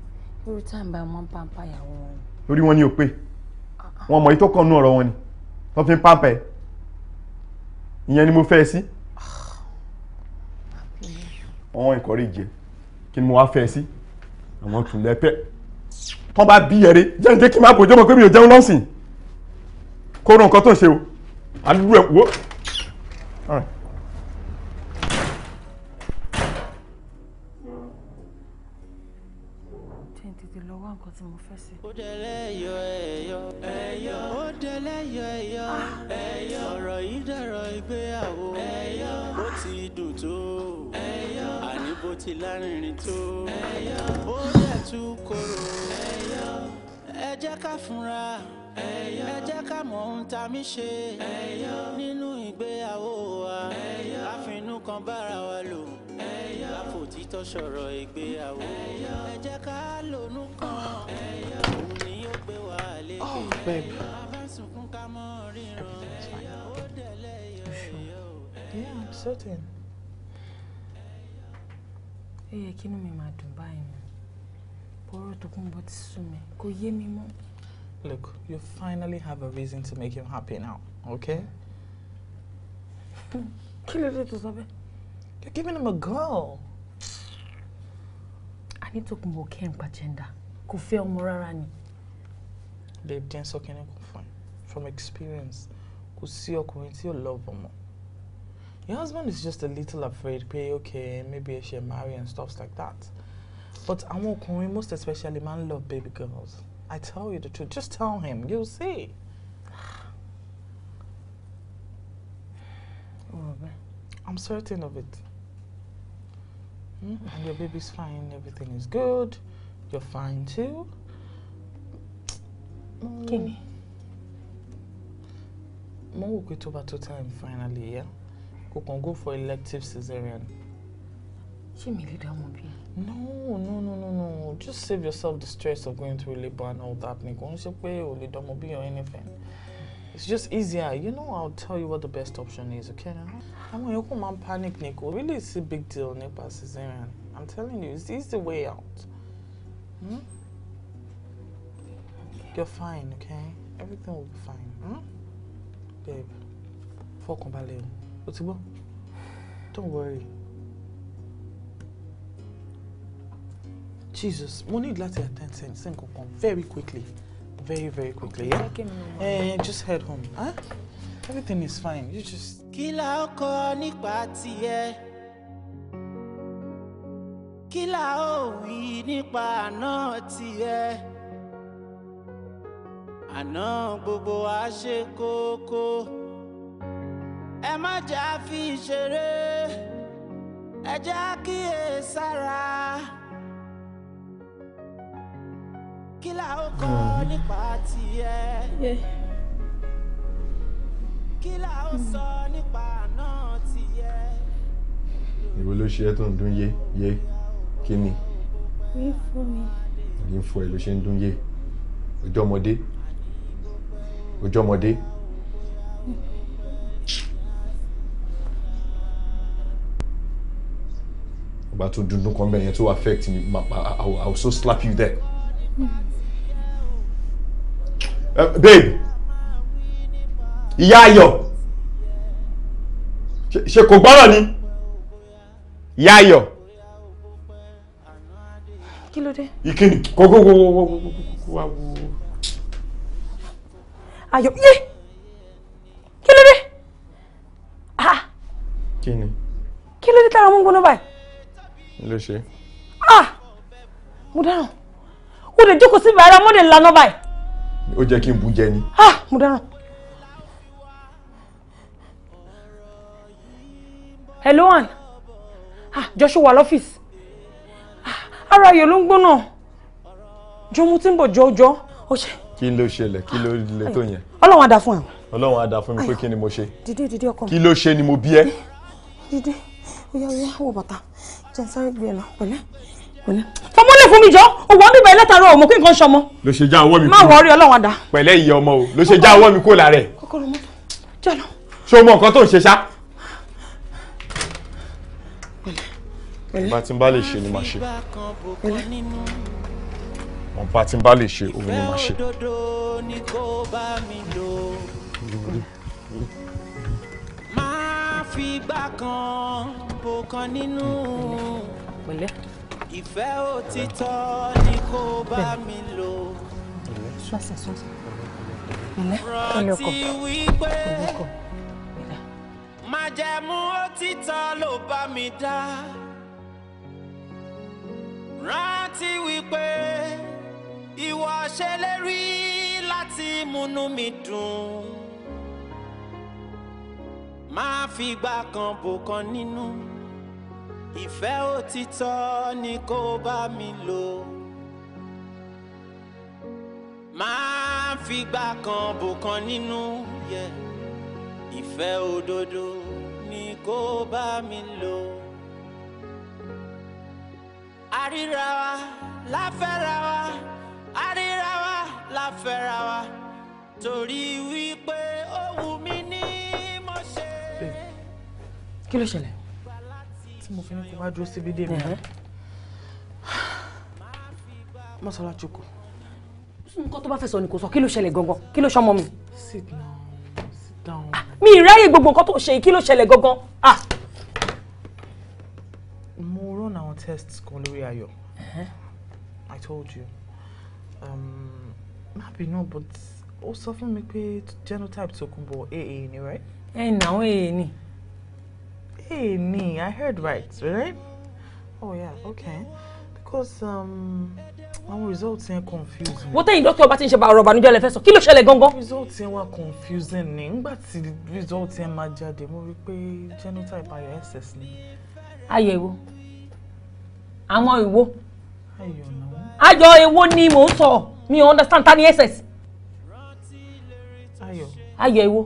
lórí táǹbà wọn bá ń pa ìyàwó wọn. Lórí wọn ni ò pé. Ah, ah. Wọ́n mọ̀ èyí tó kàn nú ọ̀rọ̀ wọn ni. Wọ́n fi ń pàmpẹ́. Ìyẹn ni mo fẹ́ sí. Ah, wọ́n encourage kí ni mo wá fẹ́ sí àwọn tún lẹ́pẹ́ tọ́ bá bí ẹ̀rẹ́ jẹ́ ǹjẹ́ kí n má bòjọ́ mọ̀ pé mi ò jẹun lọ́sìn kó ràn nǹkan tó ń ṣe o àdúgbò ẹ̀ wò. ti lárinrin tó ó dẹ̀ tú koro ẹ jẹ́ ká fúnra ẹ jẹ́ ká mọ ohun tá a mi ṣe nínú ìgbéyàwó wa àfinú kan bára wa lò láfò títọ́ sọ̀rọ̀ ìgbéyàwó ẹ jẹ́ ká lónú kan òun ni yóò gbé wa lébè oh, abẹ́sùnkún ká mọ́ ríran ó dẹ̀ lẹ́yọ̀ Yeah, I'm certain ó yẹ kí inú mi máa dùn báyìí nù bọ́rọ̀ tó kún bọ́ ti sú mi kò yé mi mọ́. Look, you finally have a reason to make him happy now, okay? [laughs] kí ló dé tó sọ bẹ́ẹ̀. You're giving him a girl. a ní tó kún bọ́ kí ẹ̀ ń pa jẹ́ńdà kò fẹ́ ọmọ rárá ni. babe díẹ̀ sọ kí ni kò fún ẹ from experience kò sí ọkùnrin tí yóò love ọmọ. Your husband is just a little afraid Pay okay maybe ẹ ṣe marry and stuff like that. But àwọn ọkùnrin most especially man love baby girls. I tell you the truth, just tell him, you'll see. I'm certain of it. Mm? And your baby's fine, everything is good, you're fine too. Mm. Kini. Mo wò pé tó bá time finally, yeah? o can go for elective cesarean. ṣé mi lè dáhùn no no no no no just save yourself the stress of going through labor and all that ni kò ń ṣe pé o or anything it's just easier you know i'll tell you what the best option is okay now àwọn èèyàn panic ni kò really a big deal nípa cesarean i'm telling you it's the easy way out. Hmm? You're fine, okay? Everything will be fine. Hmm? Babe, on o o ti don't worry jesus mo need láti attend ten sí nǹkan kan very quickly very very quickly yeah? Okay, uh, just head home huh? everything is fine you just. kí la ó kọ́ nípa tiẹ̀ kí la ó wí nípa àná tiẹ̀ àná ẹ má jẹ́ àfi ìṣeré ẹ jẹ́ àkíyè sára. kí la ó kọ́ hmm. nípa tiẹ̀ kí la ó hmm. sọ nípa náà tiẹ̀. ìwé ló ṣe ẹ́ tó ń dún yé yé kí ni. mi fún mi. mi fún ẹ ló ṣe ń dún yé ojú ọmọdé ojú ọmọdé. ìgbà tó dundun kan bẹ́ẹ̀ yẹn tó affect me ma ma I will, I will so slap you there. Uh, babe ìyá ayọ̀ ṣe kò gbọ́rọ̀ ni ìyá ayọ̀. kí ló dé. ìkíni kò kò kò kò kò kò kò wá wò. ayọ̀ yé kí ló dé. Ah! kí ni. kí ló dé tára mú gbóná báyìí ló ṣe. ah mo dáràn o joko si síbi ara mo lè lanà báyìí. ó jẹ́ kí n bu ni. ah mo hello ann ah joshua lọ́fíìsì ah! ara ayò ló ń gbóná jọ mo ti ń bọ̀ jọjọ ó ṣe. kí ló ṣẹlẹ̀ kí ló le tó yẹn. ọlọ́run á dá fún ẹ. ọlọ́run á fún mi pé ah! kí ni mo ṣe. dìde dìde ọkọ mi. kí ló ṣe ni mo bí ẹ. dìde oya oya wọ bàtà jẹ́ sáré gbé ẹ lọ pẹ̀lẹ́ pẹ̀lẹ́. fọmọlẹ fún mi jọ òwò bíbẹ ẹlẹtàrọ òmò kí nǹkan ṣọmọ. ló ṣe já ọwọ́ mi kú má wọrí ọlọ́wọ́n dá. pẹ̀lẹ́ ìyá ọmọ o ló ṣe já ọwọ́ mi kú lára ẹ̀. kọ́kọ́rọ́ mọ́tò jẹ́ lọ. ṣé o mọ nǹkan tó ń ṣe ṣá. ìbá tí n bá lè ṣe ni màá ṣe ọba tí n bá lè ṣe òun ni màá ṣe. fìgbà kan bò kan nínú. ìfẹ́ òtítọ́ ni kò bá mi lò. rántí wípé májẹ̀mú òtítọ́ ló bá mi dá. rántí wípé ìwọ ṣèlérí láti múnú mi dùn máa fi gbà kan bò kan nínú ìfẹ́ òtítọ́ ni kó bá mi lò máa fi gbà kan bò kan nínú yẹ ìfẹ́ òdodo ni kó bá mi lò àríra wa láfẹ́ra wa àríra wa láfẹ́ra wa torí wípé. kí ló ṣẹlẹ̀ tí mo fi ní kó má dúró síbi dé mi mọ́sálá jókòó. nǹkan tó bá fẹ́ sọ ni kò sọ kí ló ṣẹlẹ̀ gangan kí ló ṣọmọ mi. sit down sit down. Ah, mi ìráyè gbogbo nǹkan tó ṣe yìí kí ló ṣẹlẹ̀ gangan. Ah. mo run àwọn tests kan lórí ayọ̀ i told you Um, má no, but ó sọ fún mi pé genotype tó kún bọ̀ aa ni right. ẹ nà ó aa ni. Hey, me, I heard right, right? Oh yeah, okay. Because um, àwọn results yẹn confusing. What are you ọba about in ṣe bá ọ̀rọ̀ ọ̀bànújẹ́ lẹ fẹ́ sọ kí ló ṣẹlẹ̀ results yẹn wà confusing ni But the results yẹn máa jáde mo rí i by your ayọ̀ ss ni. ayọ̀ èwo you? èwo ayọ̀ èwo ni mò ń sọ mi ò understand ta ni ss. ayọ̀ ayọ̀ èwo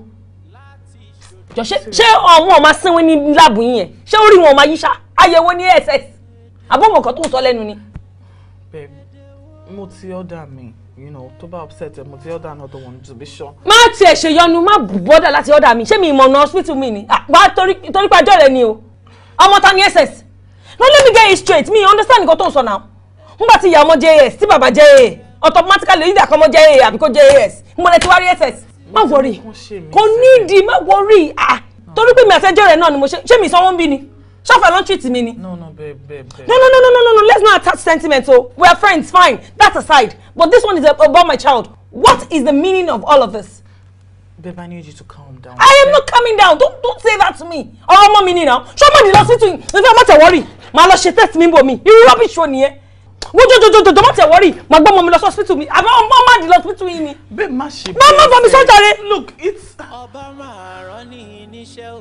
jọ ṣé ṣé ọmọ ọmọ sínwó ní láàbù yín yẹn ṣé orí wọn ọmọ yìí ṣá ní ss àbọ̀mọ̀ kan tó ń sọ lẹ́nu ni. mo ti ọ̀dà mi you know tó bá upset ẹ mo ti ọ̀dà another one to be sure. má tiẹ̀ ṣe yọnu má bọ́dà láti ọ̀dà mi ṣé mi ìmọ̀nà hospital mi ni àpá ah, torí pé ajọ́ rẹ ni o ọmọ ta ni ss no let me get it straight mi understand nǹkan tó ń sọ náà nígbà tí ìyá ọmọ jẹ as tí bàbá jẹ automatically leader kan ọmọ jẹ a àbí kó jẹ as mo lè ti wá rí ss má wọrí kò nídìí má wọrí ah torí pé mi àtẹ́jọ́ rẹ̀ náà ni mo ṣe ṣé mi sanwó ń bí ni ṣọ́fà ló ń mi ni. no no no no no no no no let's not attach sentiment o oh. we are friends fine that aside but this one is about my child what is the meaning of all of this. babe i need you to calm down. i am not coming down don't don't say that to me ọ̀rọ̀ ọmọ mi now. Show ṣọmọ ni lọ sí tún ìfẹ́ ọmọ tẹ̀ wọ́rì màá lọ ṣe test mi bò mí irú rubbish wo nìyẹn wojojojojo tó má tẹ̀ wọ́rì màá gbọ́ ọmọ mi lọ sí hospital mi àbá ọmọ má di lọ hospital yìí ni. bẹ́ẹ̀ má ṣe bẹ́ẹ̀ má má mi sọ́jà look it's. ọba máa rán ní níṣẹ́ o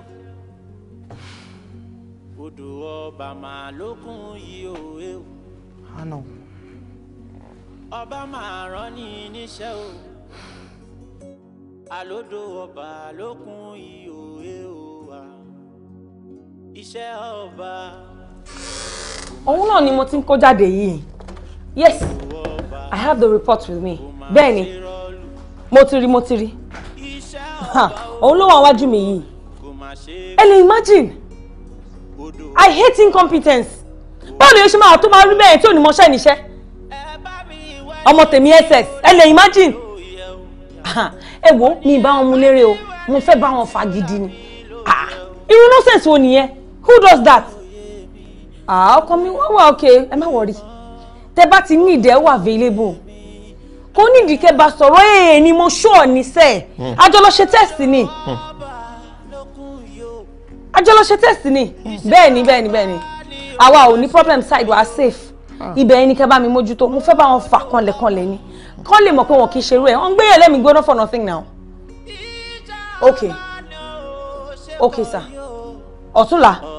odò ọba máa lókun yìí o ewu. àná. ọba máa rán ní níṣẹ́ o àlódò ọba lókun yìí o ewu wa iṣẹ́ ọba òun náà ni mo ti ń kó jáde yìí yes i have the report with me bẹ́ẹ̀ ni mo ti rí mo ti rí òun ló wà wájú mi yìí ẹ imagine i hate incompetence báwo lè ṣe máa tó máa rí bẹ́ẹ̀ tí ò ní mọṣẹ́ níṣẹ́ ọmọ tèmi ss ẹ lè imagine ẹ wo mi bá wọn mu lérè o mo fẹ́ bá wọn fa gidi ni irú nonsense wo nìyẹn who does that Ah, ọkọ mi wọ́n wà òkè ẹ má wọ̀rí tẹ́ bá ti ní ìdẹ́ wà available kò nídìí kẹ́ bá sọ̀rọ̀ èè eh, ni mo ṣọ́ ọ ní sẹ́ àjọ lọ ṣe test ni àjọ hmm. lọ ṣe test ni bẹ́ẹ̀ ni bẹ́ẹ̀ ni bẹ́ẹ̀ ni àwa ò ní problem side wa safe ah. ibẹ̀ yẹn ni kẹ́ bá mi mójútó mo fẹ́ bá wọn fà kànlẹ̀kànlẹ̀ ni kán lè mọ̀ pé wọn kì í ṣerú ẹ̀ wọ́n ń gbéyàn lẹ́mìí gbóná for nothing now. Okay. Okay, sir ọ̀túnla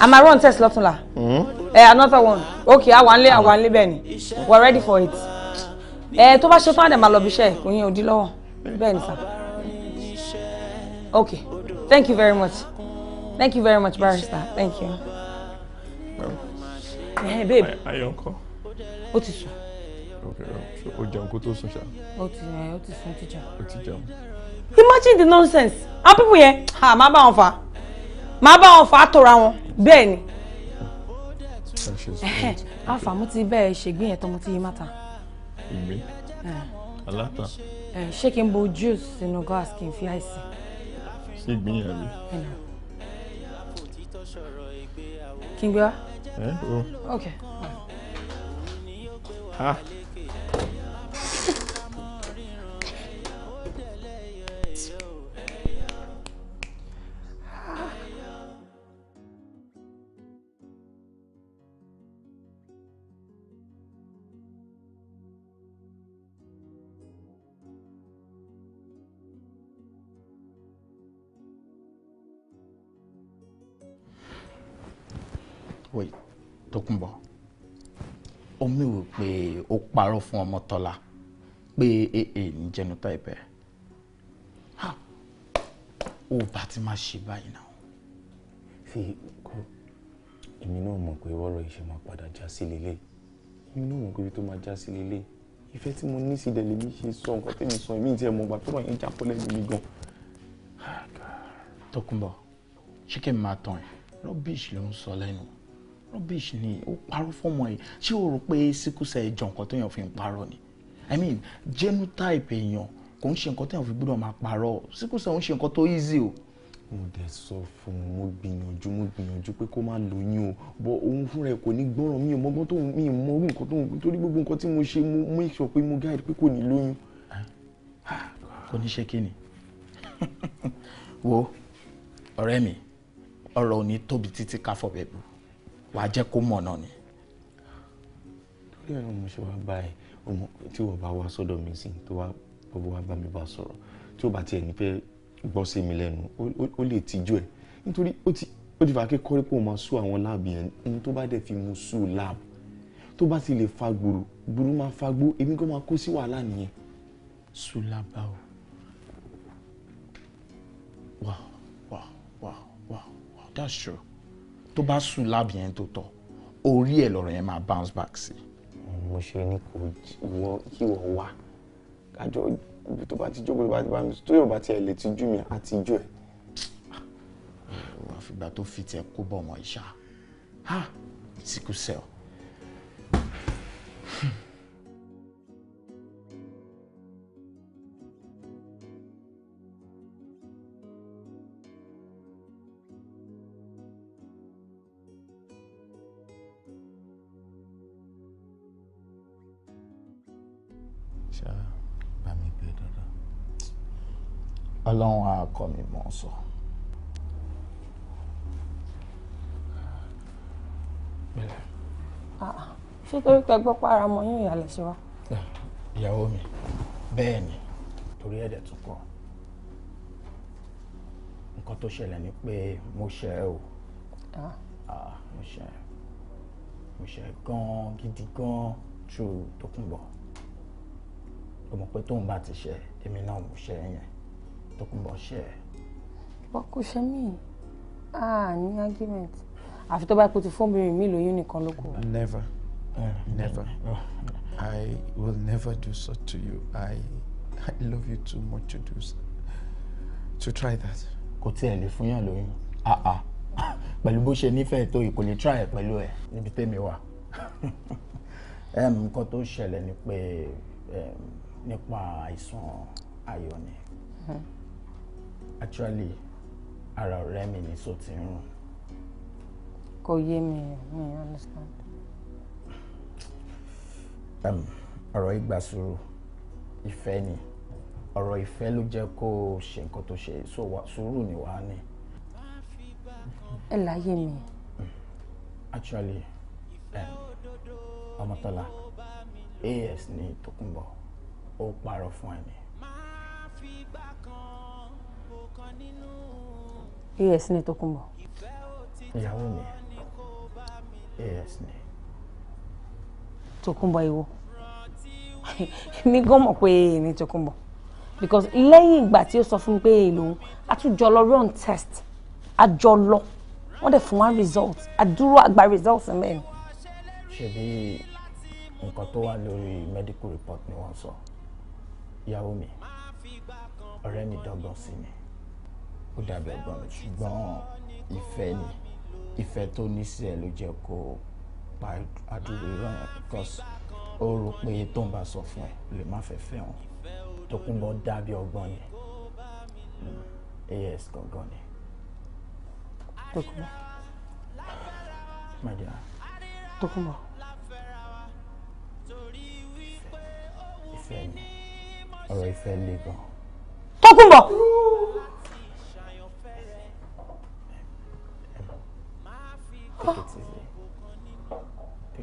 a máa run test lotula. Hmm? Eh, another one Okay, I ńlé àwa ńlé bẹ́ẹ̀ ni we are ready for it Eh, tó bá ṣe fún àdè máa lọ bí iṣẹ́ kò yín òdì sir ok thank you very much thank you very much barrister thank you. Hey, eh, babe ayọ̀ ńkọ́. ó ti sùn. ok o jẹun kó tó sùn ṣá. ó ti eh, ó ti sùn ó ti jẹun. ó ti jẹun. imagine the nonsense àwọn people here. Ha, bá wọn fà máa bá wọn fà á tóra wọn bẹ́ẹ̀ ni Afamu ti bẹ́ẹ̀ ṣègbín yẹn tán ti yí mata. ìgbín aláta. ṣé kí n bo juice sínú glass kí n fi àìsí. ṣé ìgbín yẹn rí. kí n gbé wá. ok. parọ́ fún Ọmọ́tọ́lá pé aa ní genotype ẹ̀ ó bá ti máa ṣe báyìí náà. fi kó èmi náà mọ̀ pé ọ̀rọ̀ yìí ṣe máa padà já sí lélẹ̀ èmi náà mọ̀ pé ibi tó máa já sí lélẹ̀ ìfẹ́ tí mo ní sí ìdẹ̀lẹ̀ mi ṣe sọ nǹkan tẹ́mi sọ èmi ìtì ẹ̀ mọ̀ gbà tó wọ̀nyí já pọ̀ lẹ́nu mi gan. Tókunbọ̀ ṣé kí n máa tàn ẹ́ rọ́bìṣì ló ń sọ lẹ́nu rubbish ni o parọ́ fọ́mọ yìí ṣé o rò pé síkúsẹ̀ ìjọ nǹkan tó yàn fi ń parọ́ ni i mean genotype èèyàn kò ń ṣe nǹkan tó yàn fi gbọ́dọ̀ máa parọ́ síkúsẹ̀ ò ń ṣe nǹkan tó easy o mo dẹ̀ sọ fún un mo gbìyànjú mo gbìyànjú pé kó má lóyún o bọ òun fúnra ẹ kò ní gbọ́ràn mi ò mọ́gbọ́n tó mi ò mọ́rú nǹkan tó torí gbogbo nǹkan tí mo ṣe mo make sure pé mo guide pé kò ní lóyún. kò ní ṣe kí ni [laughs] wo ọ̀rẹ́ mi ọ̀rọ̀ ò ní tóbi títí ká fọ̀bẹ̀ bù wàá jẹ́ kó mọ̀ náà ni. torí ẹ̀ náà ṣe wá bá ọmọ tí wọ́n bá wá sọ́dọ̀ mi sí tó wá bọ́bọ́ wá bá mi bá sọ̀rọ̀ tí ó bá tiẹ̀ ní fẹ́ gbọ́ sí mi lẹ́nu ó lè tijú ẹ̀ nítorí ó ti fà ké kọ́rí pé òun máa sú àwọn láàbù yẹn ohun tó bá dẹ̀ fi mu sú láàbù tó bá ti lè fa gbòòrò gbòòrò máa fa gbó èmi kò máa kó sí wàhálà nìyẹn. sú lábà o wow wow wow wow that's true tó bá sùn láàbì yẹn tó tọ́ orí ẹ̀ lọ́rọ̀ yẹn máa bounce back sí. mo ṣe ní kò wọ kí wọ́n wá kájọ ibi tó bá ti jókòó bá ti bá mi tó yóò bá tiẹ̀ lè ti jú mi àti ijó ẹ̀. àfìgbà tó fi tiẹ̀ kó bọ̀ wọ́n ìṣá sickle cell ọlọ́run á kọ́ mi mọ̀ sọ. Ah, ah. ṣé torí pé gbọ́ para mọ yín ìyàlẹ̀ sí wa. ìyàwó mi bẹ́ẹ̀ ni torí ẹ̀dẹ̀ tún kọ́ nǹkan tó ṣẹlẹ̀ ni pé mo ṣe ẹ́ o ah. mo ṣe ẹ́ mo ṣe gan gidi gan ju tó kún bọ̀ o mọ̀ pé tóun bá ti ṣe èmi náà mo ṣe yẹn. Tọkùnbọ̀ṣẹ́. Wọ́n kò ṣe mí. A ní argument. Àfi tó bá kó ti fóbìnrin mi lóyún nìkan ló kù. Eh, never. Never. I will never do so to you. I, I love you too much to do so. To try that. Kò tiẹ̀ lè fún yàn lóyún. Ah ah pẹ̀lú bó ṣe nífẹ̀ẹ́ tó ìkò lè try pẹ̀lú ẹ̀ níbi tèmi wà [laughs] nǹkan tó ṣẹlẹ̀ ni pé nípa àìsàn ayọ̀ ni hmm actually ara ọ̀rẹ́ mi ní so ti ń rùn. kò yé mi mi understand. Um, ọ̀rọ̀ ìgbà sùúrù ìfẹ́ ni ọ̀rọ̀ ìfẹ́ ló jẹ́ kó o ṣe nǹkan tó ṣe sùúrù ni wàá ní. ẹ láyé mi. actually ọmọtọ́lá um, as ní Tòkunbọ̀ ó parọ́ fún ẹ ni. as ni Tòkunbọ̀. ìyàwó mi as ni. Tòkunbọ̀ ìwọ [laughs] mi gan mọ̀ pé èmi Tòkunbọ̀ because lẹ́yìn ìgbà tí ó sọ fún mi pé èlò òun a tún jọ lọ run test a jọ lọ wọ́n dẹ̀ fún wa result a dúró àgbà result mẹ́rin. ṣebí nǹkan tó wà lórí medical report ni wọ́n sọ ìyàwó mi ọ̀rẹ́ mi dọ́gbọ́n sí mi ó dàbí ẹ̀gbọ́n mi ṣùgbọ́n ìfẹ́ ni ìfẹ́ tó ní sí ẹ ló jẹ́ kó pa àdúrà ìran because ó rò pé tó ń bá sọ fún ẹ lè má fẹ́ fẹ́ wọn tó kún bọ́ dàbí ọgbọ́n yẹn hmm, as gangan ni. Tọkùnbọ̀. My dear. Tọkùnbọ̀. Ìfẹ́ ni ọ̀rọ̀ ìfẹ́ le gan. Tọkùnbọ̀.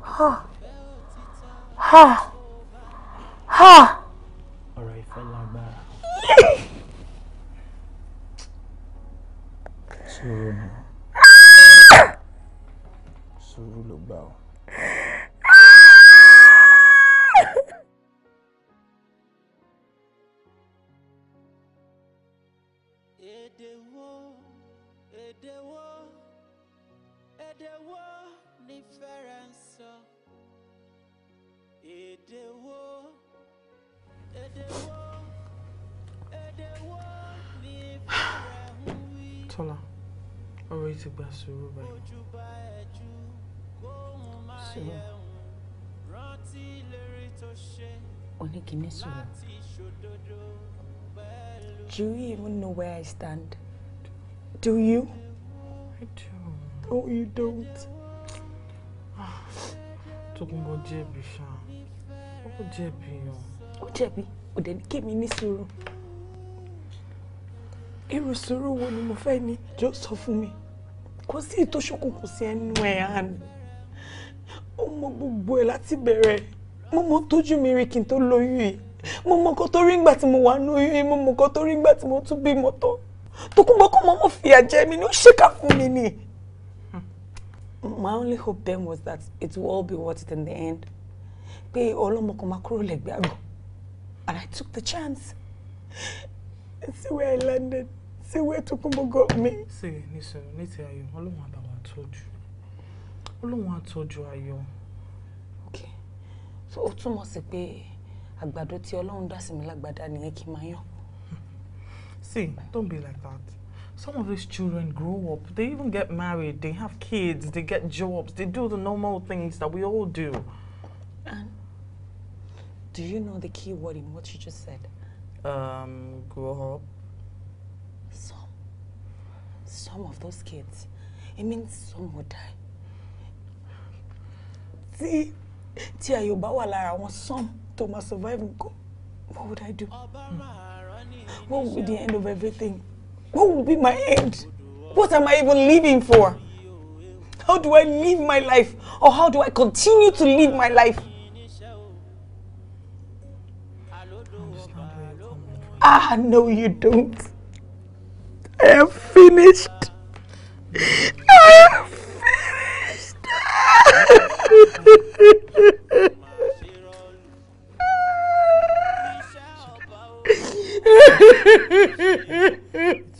ha. Ha. Ha. Alright, ìfẹ́ lágbára. Sùúrù So Sùúrù ló gbà èdè wo ni fẹ́rẹ̀ ń sọ èdè wo èdè wo èdè wo fẹ́rẹ̀ ń wí. tọ́lá ọ̀rọ̀ yìí ti gba sùúrù báyìí. ojú bá ẹ jù kóhun máa yẹ òun rántí ìlérí tó ṣe. oníkìíní sọ̀rọ̀. láti ṣòdodo pẹ̀lú. do you even know where I stand? do you? I do. No, you don't. Ah, Tókunbọ̀ jẹ̀bi ṣá. Ó jẹ̀bi o. Ó jẹ̀bi. Oh, dẹ̀ ní kémi ní sùúrù. Irú sùúrù wo ni mo fẹ́ ní? Jọ sọ fún mi. Kò sí ìtóṣókùnkùn sí ẹnu ẹ̀ hàn. Ó mọ gbogbo ẹ̀ láti bẹ̀rẹ̀. Mo mọ tójú mi rí kí n tó lóyún yìí. Mo mọ nǹkan tó rí ńgbà tí mo wà ní oyún yìí. Mo mọ nǹkan tó rí ńgbà tí mo tún bímọ tán. Tókunbọ̀ kọ́ mọ́ mọ́ fìyà mi ni ó ṣèkà fún mi ni my only hope then was that it will all be worth it in the end pé ọlọ́mọ kan máa and I took the chance and see where I landed see where Tokunbo got me. See, ṣe nísìnyí ní ti ayọ̀ ọlọ́run àbàwà tọ́jú ọlọ́run àtọ́jú ayọ̀. okay so Otumo túmọ̀ sí pé àgbàdo tí ọlọ́run dá mi lágbàdá nìyẹn kí n hmm. see don't be like that some of these children grow up, they even get married, they have kids, they get jobs, they do the normal things that we all do. And do you know the key word in what you just said? Um, grow up. Some. Some of those kids. It means some will die. See, tí àyòbá wà lára some tó máa survive go. What would I do? Mm. What would be the end of everything? What will be my end? What am I even living for? How do I live my life? Or how do I continue to live my life? Ah, no, you don't. I am finished. I am finished. [laughs]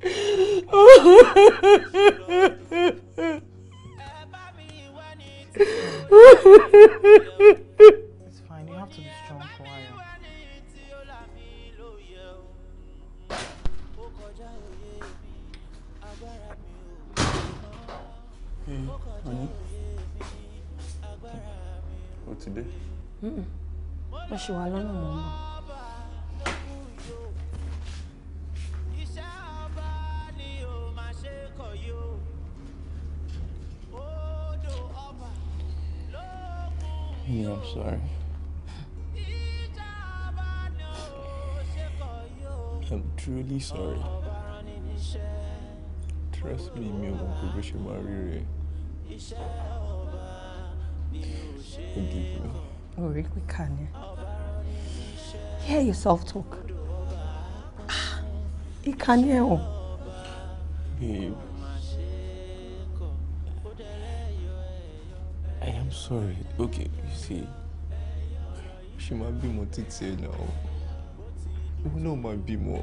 It's fine, you have to be strong for a while. Mm. Honey? Ó ti dé? Mm-mm. Ó ṣì wà lọ́nà mọ́ mọ́. Yeah, I'm sorry. I'm truly sorry. Trust me, mi ò mọ̀ pé bó Forgive me. Oh, pé kà ni. Hear yourself talk. Ah, ìkà ni ẹ̀ hàn. Babe. sorry okay you see she might be more títí now. náà òun náà máa bímọ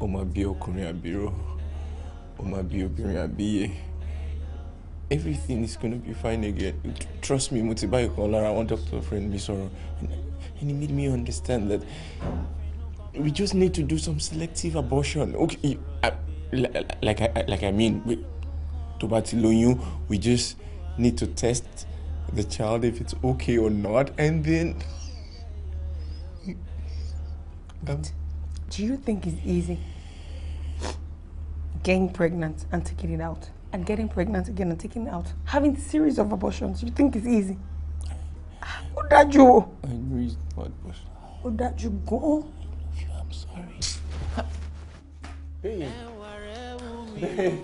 ó máa bí ọkùnrin àbírọ̀ Oh, máa be obìnrin àbíyè everything is gonna be fine again trust me mo I want to talk to a friend mi sọ̀rọ̀ and he made me understand that we just need to do some selective abortion okay I, like I, like I mean to bá ti lóyún we just need to test the child if it's okay or not and then that's do you think it's easy getting pregnant and taking it out and getting pregnant again and taking it out having a series of abortions you think it's easy that you? I know it's not that you go I'm sorry hey. hey.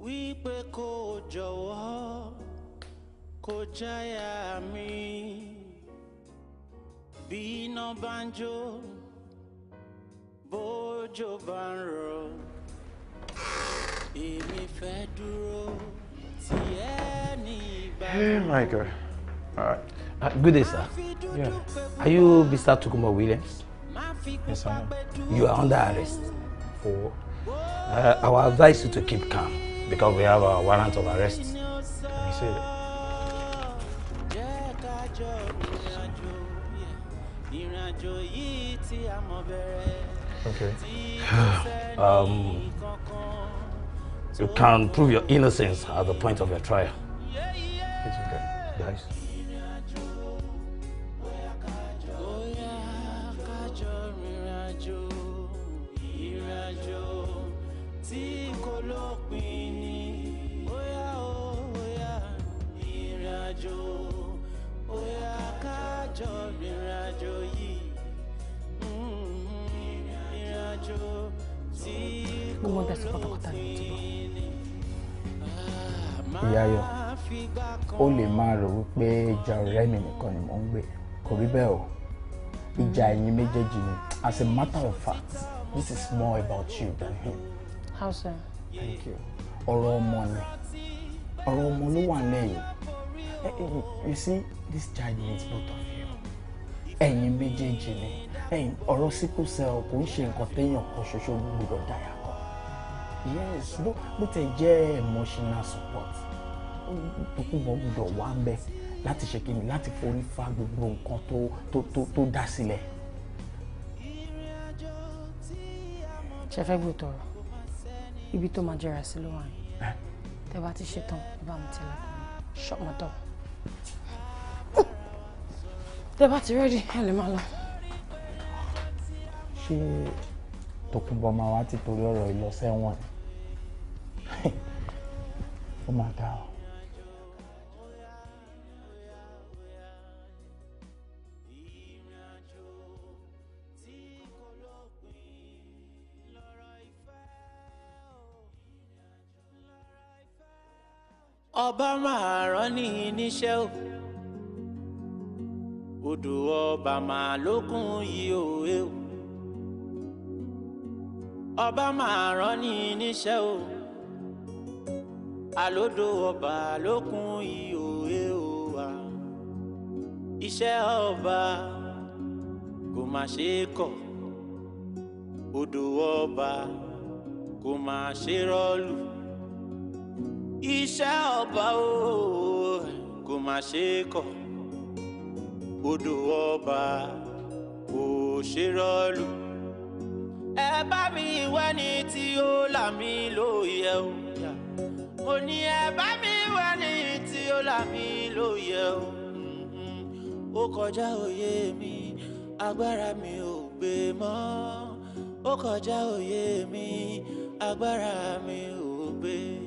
wípé kò jọ̀wọ́ kò jáyà mi bí iná bá ń jó bójò bá ń rọ̀ èmi fẹ́ dúró tí ẹni ìgbà. Hey, Michael. All right. Uh, good day, sir. Yeah. Are you Mr. Tukuma Williams? Yes, I am. You are under arrest. For Uh, I will advise you to keep calm because we have a warrant of arrest. Can you say that? Okay. [sighs] um, you can prove your innocence at the point of your trial. kan ni mò ń gbé kò rí bẹ́ẹ̀ o ìjà ẹ̀yin méjèèjì ni as a matter of fact this is more about you than him. how so. thank you ọ̀rọ̀ ọmọ ni ọ̀rọ̀ ọmọ ló wà lẹ́yìn you see this child needs both of you ẹ̀yin méjèèjì ni ẹ̀yin ọ̀rọ̀ sickle cell kò ń ṣe nǹkan téèyàn kan ṣoṣo gbọ́dọ̀ dáyà kọ yes bó tẹ jẹ́ emotional support gbogbo gbọ́dọ̀ wà bẹ́ẹ̀ láti ṣe kí ni láti forí fa gbogbo nǹkan tó tó tó tó dá sílẹ̀. ṣe fẹ́ gbọ́ tọrọ ibi tó máa jẹrà sí ló wà ní tẹ bá ti ṣetán ẹ bá mi tilẹ̀kùn ṣọmọdọ tẹ bá ti rẹ́dí ẹ lè máa lọ. ṣé Tòkunbọ̀ máa wá ti torí ọ̀rọ̀ ìlọsẹ́wọ̀n [laughs] ó máa ga ọ́. ọba máa rán ní níṣẹ́ o odò ọba máa lókun yìí o ewu ọba máa rán ní níṣẹ́ o àlódò ọba lókun yìí e o wa iṣẹ́ ọba kò má ṣe é kọ̀ odò ọba kò má ṣe rọ́ọ̀lù iṣẹ́ ọba o kò má ṣe kọ̀ odò ọba kò ṣe rọ́ọ̀lù ẹ bá mi wẹ́ni tí ó là mí lóye o mo ní ẹ bá mi wẹ́ni tí ó là mí lóye o ó kọjá òye mi agbára mi ò gbé mọ́ ó kọjá òye mi agbára mi ò gbé mọ́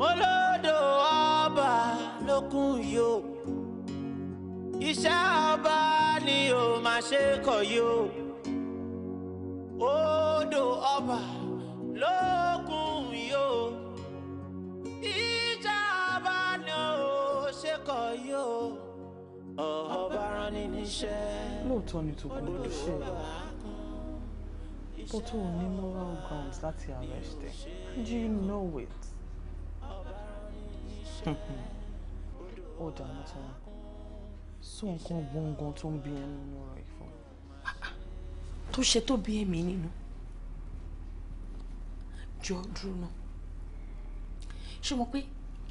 mọ́lódò ọba lókun yóò iṣẹ́ ọba ni ò máa ṣe kọ̀ yóò odò ọba lókun yóò iṣẹ́ ọba ni ò ṣe kọ̀ yóò ọba rán ni lóòótọ́ ni tòkun ló ṣe but o ní moral grounds láti arrest ẹ do you know it. Hm, hm. ó dààmú tí wọn sọ nǹkan gbọ̀ngàn tó ń bí ẹni nínú ọ̀rọ̀ ìfọ́ tó ṣe tó bí ẹ̀mí nínú jọ dúró náà ṣé mo pé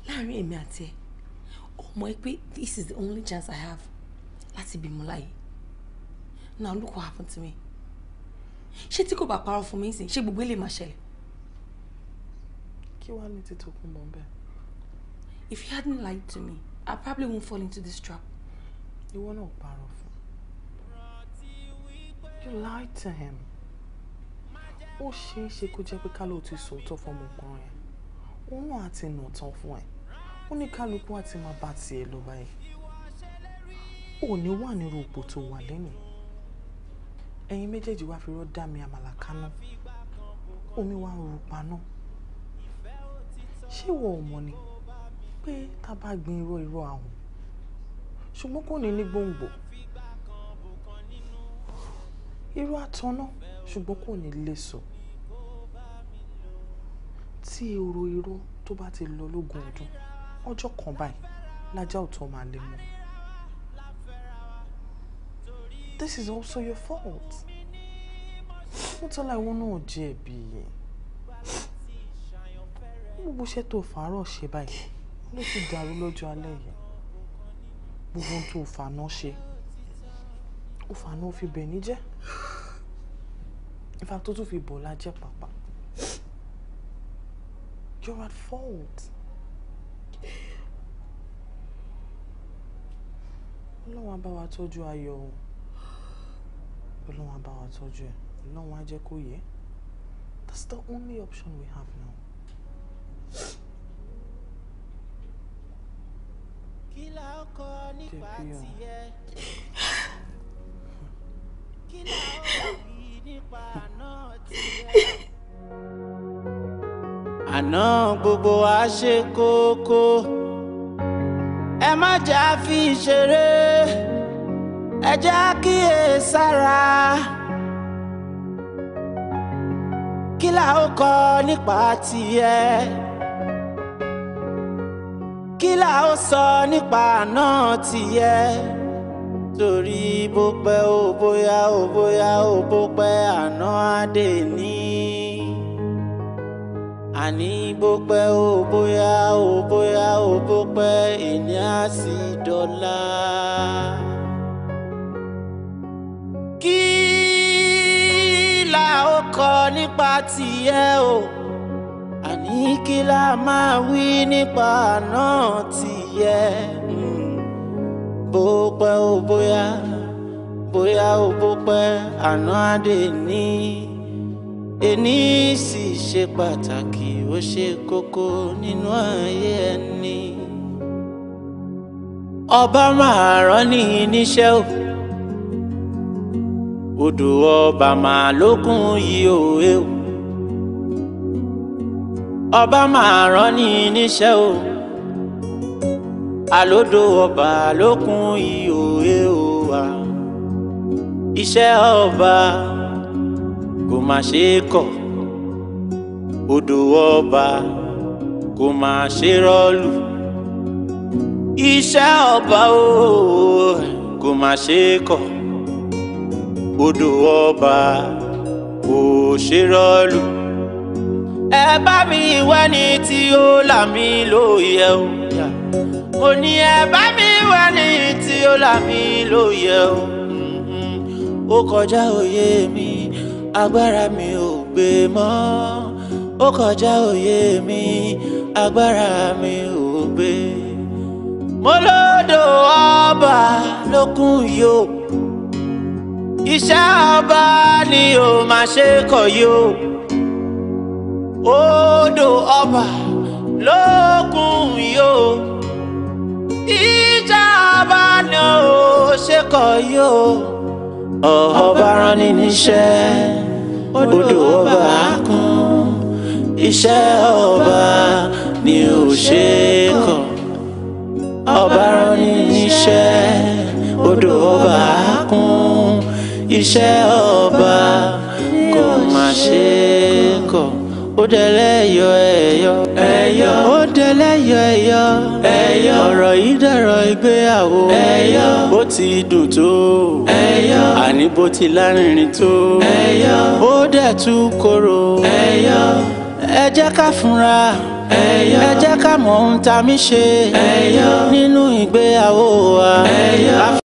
láàrin èmi àti ẹ ó mọ̀ ẹ́ pé this is the only chance I have láti bímọ láyé now look what happened to me ṣé tí kò bá parọ́ fún mi ń sìn ṣé gbogbo ilé máa ṣẹlẹ̀. kí wàá ní títún kún bọ́ńbẹ́ẹ́. If he hadn't lied to me, I probably won't fall into this trap. You were parọ́ powerful. You lied to him. Ó she she could jẹ́ pé Kálọ̀ to sòótọ́ fọmọkùnrin ẹ̀. Òun náà àti nà tán fún ẹ̀. Ó ní kálukú àti máa bá tiẹ̀ lọ báyìí. Ò ní wà nírú òpó tó wà lẹ́nu. Ẹ̀yin méjèèjì wá fi rọ́ dá mi àmàlà kaná. Omi wa ń ru paná. Ṣé ìwọ ò mọ̀ pé tá a bá gbin irọ́ irọ́ àrùn ṣùgbọ́n kò ní ní gbòǹgbò irọ́ àtọ́nà ṣùgbọ́n kò ní léso tí èrò irọ́ tó bá ti lọ lógún ọdún ọjọ́ kan báyìí lájà ọ̀tọ̀ máa lè mọ́ this is also your fault mọ́tọ́lá ìwọ náà jẹ̀bi gbogbo iṣẹ́ tó fàárọ̀ ṣe báyìí ló ti dàrú lọ́jọ́ alẹ́ yìí gbogbo ohun tó fàánà ṣe ó fàánà o fi bẹ̀ ní jẹ́ ìfà tó tún fi bọ̀ la jẹ́ pàpà you're at fault. ọlọ́run á bá wa tọ́jú ayọ̀ o ọlọ́run á bá wa tọ́jú ẹ̀ ọlọ́run á jẹ́ kó yẹ that's the only option we have now. [laughs] àná gbogbo wa ṣe kókó ẹ má jẹ́ àfi ṣeré ẹ jẹ́ kíyè sára kí la ó kọ́ nípa tiẹ̀ kí là ó sọ nípa àná tìyẹ torí bó pẹ́ ó bóyá ó bóyá ó bó pẹ́ àná adé ní àní bó pẹ́ ó bóyá ó bóyá ó bó pẹ́ èní á sì dọ́là. kí là ó kọ nípa tìyẹ o àní kí la máa wí nípa àná tìyẹ hmm. bó pẹ́ ó bóyá bóyá ó bó pẹ́ àná adé ní ẹni sì ṣe pàtàkì ó ṣe kókó nínú ayé ẹni. ọba máa rán níṣẹ́ o odò ọba máa lókun yìí òwe o ọba máa rán ní níṣẹ́ o àlódò ọba lókun ìhòòhè òwà iṣẹ́ ọba kò má ṣe é kọ̀ odò ọba kò má ṣe rọ́ọ̀lù iṣẹ́ ọba o kò má ṣe é kọ̀ odò ọba kò ṣe rọ́ọ̀lù ẹ bá mi wẹ́ni tí ó là mí lóye o mo ní ẹ bá mi wẹ́ni tí ó là mí lóye o ó kọjá òye mi agbára mi ò gbé mọ́ ó kọjá òye mi agbára mi ò gbé mo lọ́dọ̀ ọba lókun yóò iṣẹ́ ọba ni ó máa ṣe kọ̀ yóò odò ọba lókun yóò ìjàmbá ni ó ṣe kọ yóò ọba ránni níṣẹ́ odò ọba kún iṣẹ́ ọba ni ó ṣe kọ ọba ránni níṣẹ́ odò ọba kún iṣẹ́ ọba kò má ṣe Odele dẹlẹ́yọ ẹ̀yọ ẹ̀yọ Odele dẹlẹ́yọ ẹ̀yọ ẹ̀yọ ọ̀rọ̀ yìí dọ̀rọ̀ ìgbéyàwó ẹ̀yọ bó ti dùn tó ẹ̀yọ àní bó ti lárinrin tó ẹ̀yọ bó dẹ̀ tú korò ẹ̀yọ ẹ jẹ́ ká fúnra ẹ jẹ́ ká mọ ohun tá a mi ṣe nínú ìgbéyàwó wa ká